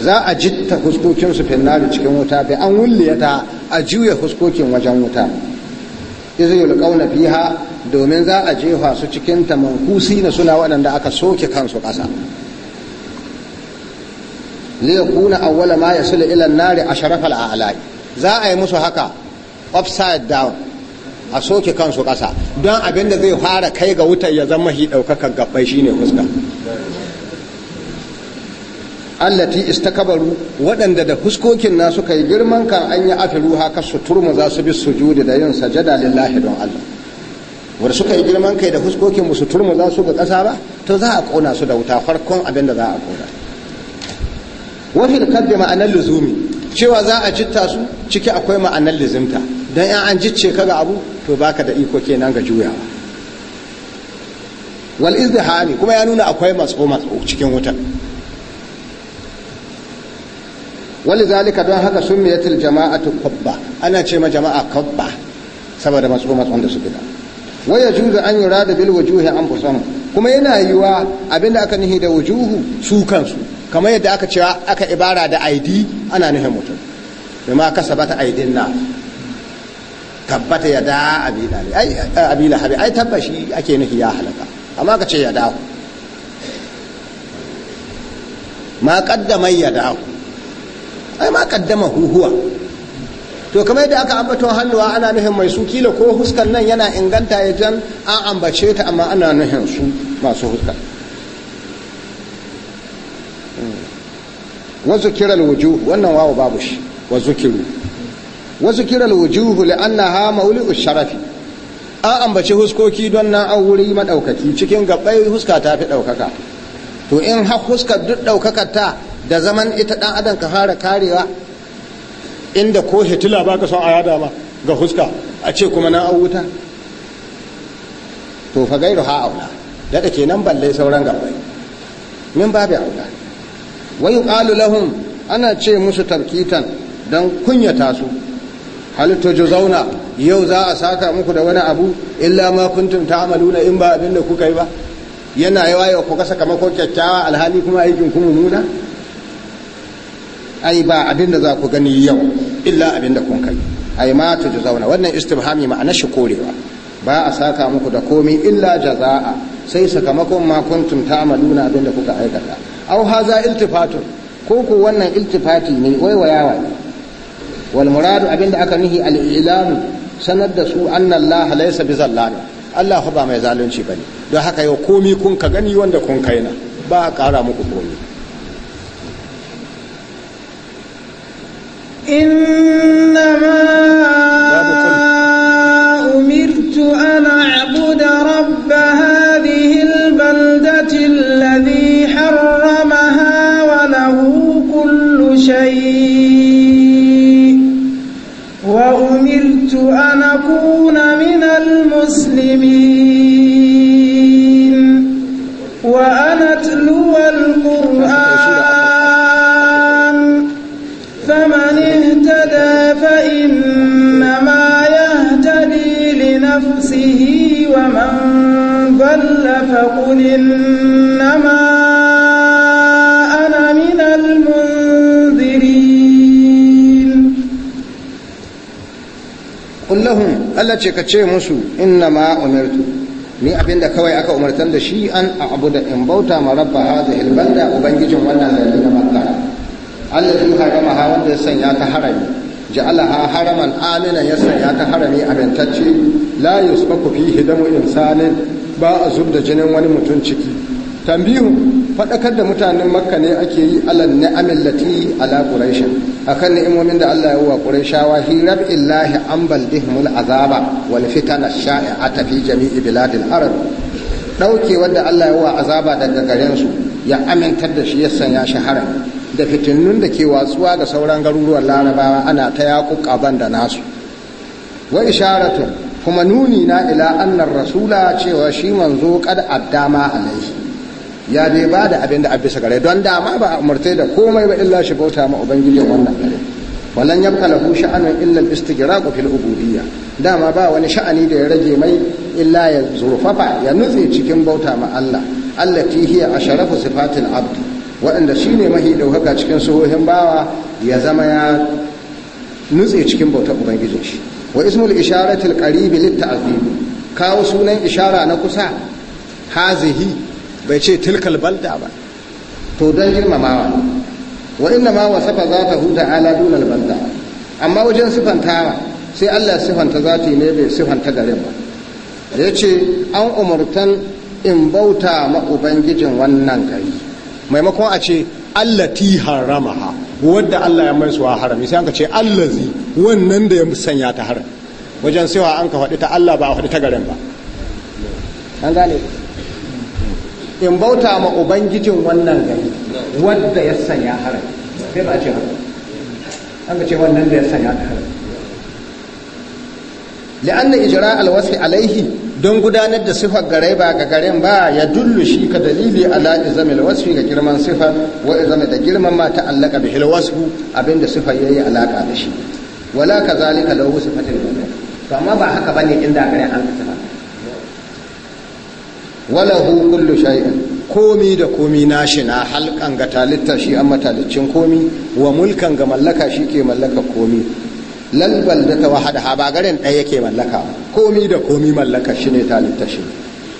za a jitta fuskokinsu finnari cikin wuta bai an wulliya ta a juya fuskokin wajen wuta izu yulqauna fiha domin za a jefa su cikin tamankusi na suna waɗanda aka soke kansu ƙasa li na awwala ma ya sula ila nari a ashraf a ala za a yi musu haka upside down a soke kansu kasa don abin da zai fara kai ga wuta ya zama shi daukakar gabbai shine fuska allati istakabaru waɗanda da fuskokin na suka yi girman kan an yi afiru haka su turmu za su bi sujudi da yin sajada lillahi don Allah wanda suka yi girman kai da fuskokin su turmu za su ga ƙasa ba to za a ƙona su da wuta farkon abin da za a ƙona wafil kaddi ma'anar luzumi cewa za a jitta su ciki akwai ma'anar luzumta don yan an jicce ka ga abu to baka da iko kenan ga juyawa wal izdihami kuma ya nuna akwai matso matso cikin wutan. wali zalika don haka sun jama'a jama'atu kwabba ana ce ma jama'a kwabba saboda matso matso da su gida waya juzu an yura da bil wajuhi an fusan kuma yana yiwa abinda aka nihi da wujuhu su kansu kamar yadda aka cewa aka ibara da I.D ana nufin mutum da ma kasa bata aidin na tabbata ya da abila eh, habi ai tabbashi ake nufi ya halaka amma ka ce ya dahu ma kaddamai ya dahu ai ma kaddama huhuwa to kamar yadda aka ambato hannuwa ana nufin mai suki ko huskan nan yana inganta ya jan an ambace ta amma ana nufin su masu huskan Wasu zukira alwujuh wannan wawa babu shi wa zukiru wa zukira hama wuli mawli'u sharafi an ambaci huskoki don nan an wuri cikin gabbai huska ta fi daukaka to in ha huska duk daukakar ta da zaman ita dan adam ka fara karewa inda ko hitila baka son a yada ma ga huska a ce kuma na an wuta to fa gairu ha aula daɗa kenan balle sauran gabbai min babu aula wai ƙalu lahun ana ce musu tarkitan don kunyata su halittu zauna yau za a saka muku da wani abu illa ma amalu na in ba abin da kuka yi ba yana yawa yau ku kasa kamar kyakkyawa alhali kuma aikin ku nuna ai ba abin da za ku gani yau illa abin da kun kai ai ma zauna wannan istibhami ma'ana shi korewa ba a saka muku da komai illa jaza'a sai sakamakon ma kuntum ta'maluna abin da kuka aikata aw haza iltifatun ko ko wannan iltifati ne waiwayawa ne wal muradu abinda aka nihi al ilam sanar da su anna Allah laysa bizallani Allah ba mai zalunci bane don haka yau komi kun ka gani wanda kun kai na ba a kara muku komi إنما المسلمين وأن أتلو القرآن فمن اهتدى فإنما يهتدي لنفسه ومن ضل فقل إنما Allah ce ka ce musu inna ma umirtu ni da kawai aka umartan da shi an abuda in bauta ma rabba hadhihi da ubangijin wannan gari na makka Allah ya harama ha wanda ya sanya ta harami ja'alaha haraman Amina ya sanya ta harami amintacce la yusbaku fihi damu insanin ba a zubda jinin wani mutum ciki tambihu faɗakar da mutanen makka ne ake yi alal ni'amil lati ala quraishin akan ni'imomin da Allah ya wa quraishawa hi illahi an al azaba wal fitana sha'i'ata fi jami'i biladil arab dauke wanda Allah ya wa azaba daga garen su ya amintar da shi ya sanya shi haram da fitinnun da ke watsuwa ga sauran garuruwan larabawa ana ta yaƙuƙa ban da nasu wa isharatu kuma nuni na ila annar rasula cewa shi manzo kad addama alaihi ya dai ba da abin da a bisa gare don dama ba a umartai da komai ba illa shi bauta ma ubangijin wannan gare walan yabqa lahu sha'anun illa al-istighraq fil ubudiyya dama ba wani sha'ani da ya rage mai illa ya zurfafa ya nutse cikin bauta ma Allah allati hiya asharafu sifatil abd waɗanda shine mahi daukaka cikin sohohin bawa ya zama ya nutse cikin bautar ubangijin shi wa ismul isharatil qaribi lit ta'zim kawo sunan ishara na kusa hazihi bai ce tilkal balda ba to don girmamawa wa inna ma ta huta ala dunal balda amma wajen sifantawa sai Allah sifanta zati ne bai sifanta garin ba yace an umurtan in bauta ma ubangijin wannan gari maimakon a ce allah harama haramaha wadda Allah ya maisuwa harami sai an ka ce allah zi wannan da ya sanya ta haram wajen cewa an ka faɗi ta Allah ba a faɗi ta garin ba an gane in bauta ma ubangijin wannan gari wadda ya sanya harin sai ba a ce haka an ga ce wannan da ya sanya ta la'anna ijra alwasfi alaihi don gudanar da sifar gare ba ga garin ba ya dullu shi ka dalili ala izamil wasfi ga girman sifa wa izami da girman ma ta'allaka bihil wasfu abinda sifa yayi alaka da shi wala kazalika lahu sifatul mu'min to amma ba haka bane inda gare an ka walahu kullu shay'in komi da komi nashi na halkan ga talitta shi an mataliccin komi wa mulkan ga mallaka shi ke mallaka komi lal baldata wahadaha ba garin ɗaya yake mallaka komi da komi mallaka shi ne talitta shi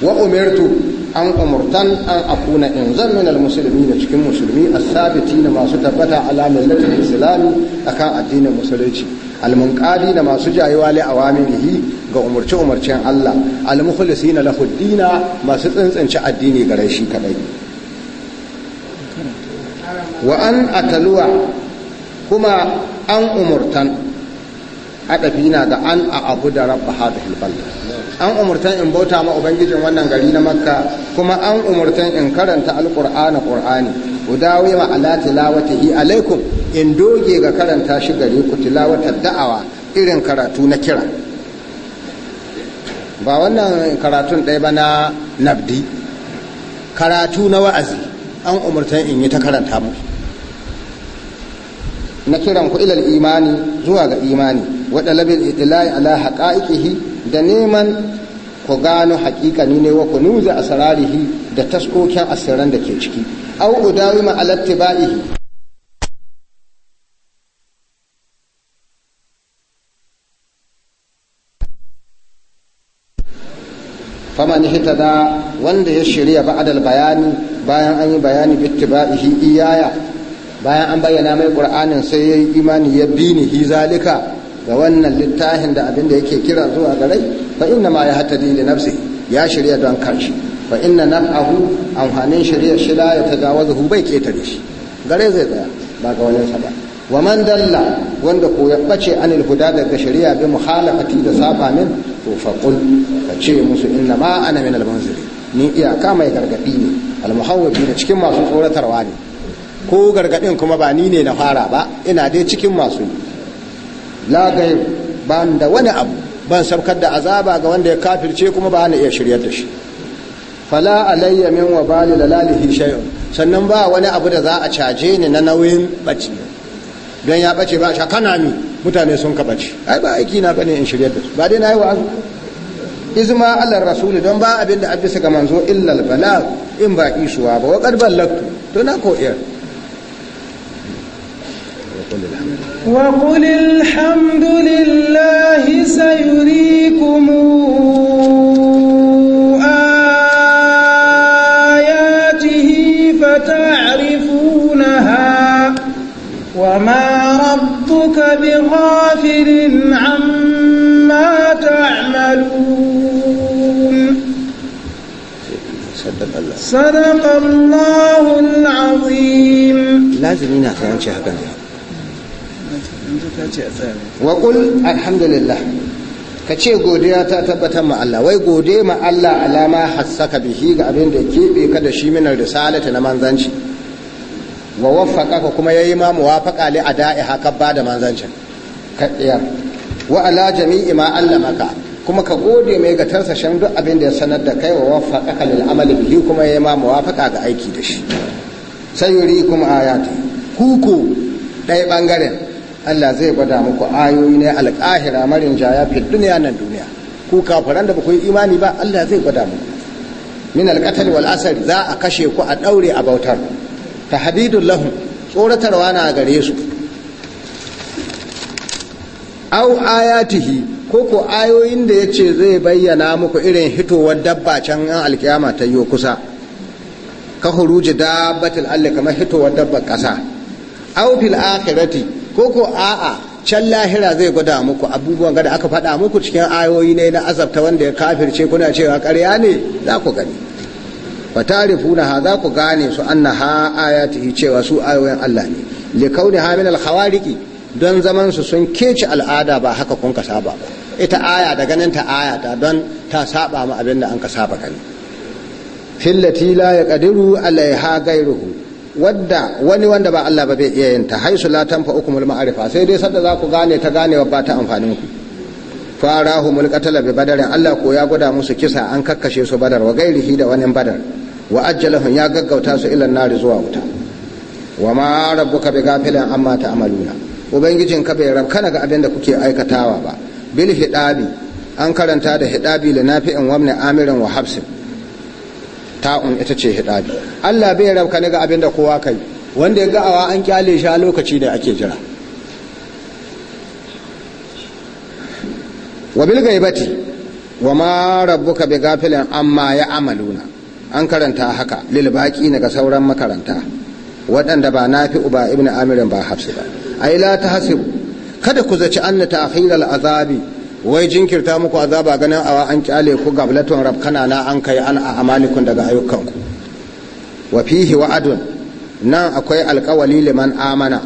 wa umirtu an umurtan an akuna in zan musulmi da cikin musulmi a na masu tabbata ala millatul islami akan addinin musulunci almunkadi da masu jayewa li awamirihi ga umarci umarcen Allah almukhlisina na lafuddina masu tsantsance addini gare shi kadai wa an ataluwa kuma an umurtan na da an a abu da rabba hadhihi albalad an umurtan in bauta ma ubangijin wannan gari na makka kuma an umurtan in karanta Ku dawo udawi ma ala tilawatihi alaikum in doge ga karanta shi gare ku tilawata da'awa irin karatu na kira ba wannan karatun ɗaya ba na nabdi karatu na wa'azi an umurtan in yi ta karanta mu. na kiran ku ilal imani zuwa ga imani wadda labil itilai ala haqa'iqihi da neman ku gano hakikani ne wa kunuzi asirarihi da taskokin asiran da ke ciki au udawima fama tibaihi faman hitada wanda ya shirya ba'adal bayani bayan an yi bayani bittiba'ihi iyaya bayan an bayyana mai qur'anin sai yi imani ya bini hi zalika ga wannan littafin da abin da yake kira zuwa ga rai fa inna ma ya hatta li nafsi ya shirya don kanshi fa inna naf'ahu amfanin shirya shila ya hu bai ketare shi gare zai tsaya ba ga wani sa ba wa man dalla wanda ko ya bace anil huda daga shari'a bi muhalafati da saba min to fa qul ka ce musu inna ma ana min al munziri ni iyaka mai gargadi ne al da cikin masu tsoratarwa ne ko gargadin kuma ba ni ne na fara ba ina dai cikin masu la ba da wani abu ban saukar da azaba ga wanda ya kafirce kuma ba na iya shiryar da shi fala alayya min wa bali lalalihi shay'un sannan ba wani abu da za a caje ni na nauyin bace don ya bace ba sha kana mi mutane sun ka bace ai ba aiki na bane in shiryar da su ba dai nayi wa'azu izma alar rasuli don ba abin da abisa ga manzo illa bala in ba isuwa ba wa qad ballaktu to na ko iya وقل الحمد لله سيريكم آياته فتعرفونها وما ربك بغافل عما تعملون صدق الله العظيم لازم ينعطي عن شهبانها wa alhamdulillah ka ce godiya ta tabbatar ma Allah wai gode ma Allah alama hassaka bihi ga abin da keɓe ka da shi minar risalata na manzanci wa waffaka ka kuma yayi ma muwafaqa li ada'i haka ba da manzancin ka iya wa ala jami'i ma allamaka kuma ka gode mai ga tarsashen duk abin da ya sanar da kai wa waffaka ka lil amali bihi kuma yayi ma muwafaqa ga aiki da shi sai yuri kuma ayati kuku ɗaya ɓangaren Allah zai gwada muku ayoyi ne alƙahira marin jaya fi duniya nan duniya ku kafiran da ba ku yi imani ba Allah zai gwada muku min alqatal wal asr za a kashe ku a daure a bautar tahdidul lahum tsoratarwa na gare su au ayatihi ko ko ayoyin da yace zai bayyana muku irin hitowar dabba can an alkiyama ta yi kusa ka huruji dabbatul alli kamar hitowar dabbar kasa au fil akhirati ko ko a'a can lahira zai gwada muku abubuwan gada aka faɗa muku cikin ayoyi ne na azabta wanda ya kafirce kuna cewa karya ne za ku gani fatarifuna ha za ku gane su na ha ayatihi cewa su ayoyin Allah ne li kauni ha min don zaman su sun keci al'ada ba haka kun ka saba ba ita aya da ganin ta aya ta don ta saba ma abin da an ka saba gani fillati la yaqdiru alaiha ghayruhu wadda wani wanda ba Allah ba bai iya yin ta haisu la tanfa ukumul ma'arifa sai dai sadda za ku gane ta ganewa ba ta amfanin ku farahu mulqatala bi badarin Allah ko ya gwada musu kisa an kakkashe su badar wa gairihi da wani badar wa ajjalahum ya gaggauta su ilan nari zuwa wuta wa ma rabbuka bi gafilan amma ta'maluna ubangijin ka bai rabkana ga abin da kuke aikatawa ba bil hidabi an karanta da hidabi li nafi'in wa amrin wa habsin ta'un ita ce hidabi Allah bai rabka ne ga abin da kowa kai wanda ya ga awa an kyale shi a lokaci da ake jira wa bil gaibati wa ma rabbuka bi gafilin amma ya amaluna an karanta haka lil baqi ne ga sauran makaranta waɗanda ba nafi uba ibnu amirin ba hafsi ba ai la tahsibu kada ku zaci annata ta'khir azabi wai jinkirta muku azaba ganin awa an kyale ku gablaton rabkana na an kai an a amalikun daga ayyukanku wa fihi wa'adun nan akwai alkawali liman amana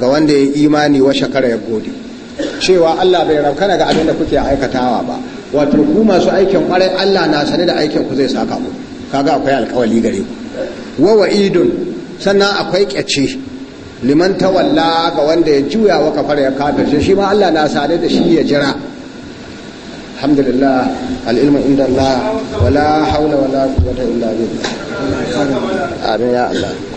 ga wanda ya imani wa shakara ya gode cewa Allah bai rabkana ga abin da kuke aikatawa ba wato ku masu aikin kwarai Allah na sane da aikin ku zai saka ku kaga akwai alkawali gare ku wa wa'idun sannan akwai kyace liman tawalla ga wanda ya juya wa kafar ya kafirce shi ma Allah na sani da shi ya jira الحمد لله العلم عند الله ولا حول ولا قوة إلا بالله آمين يا الله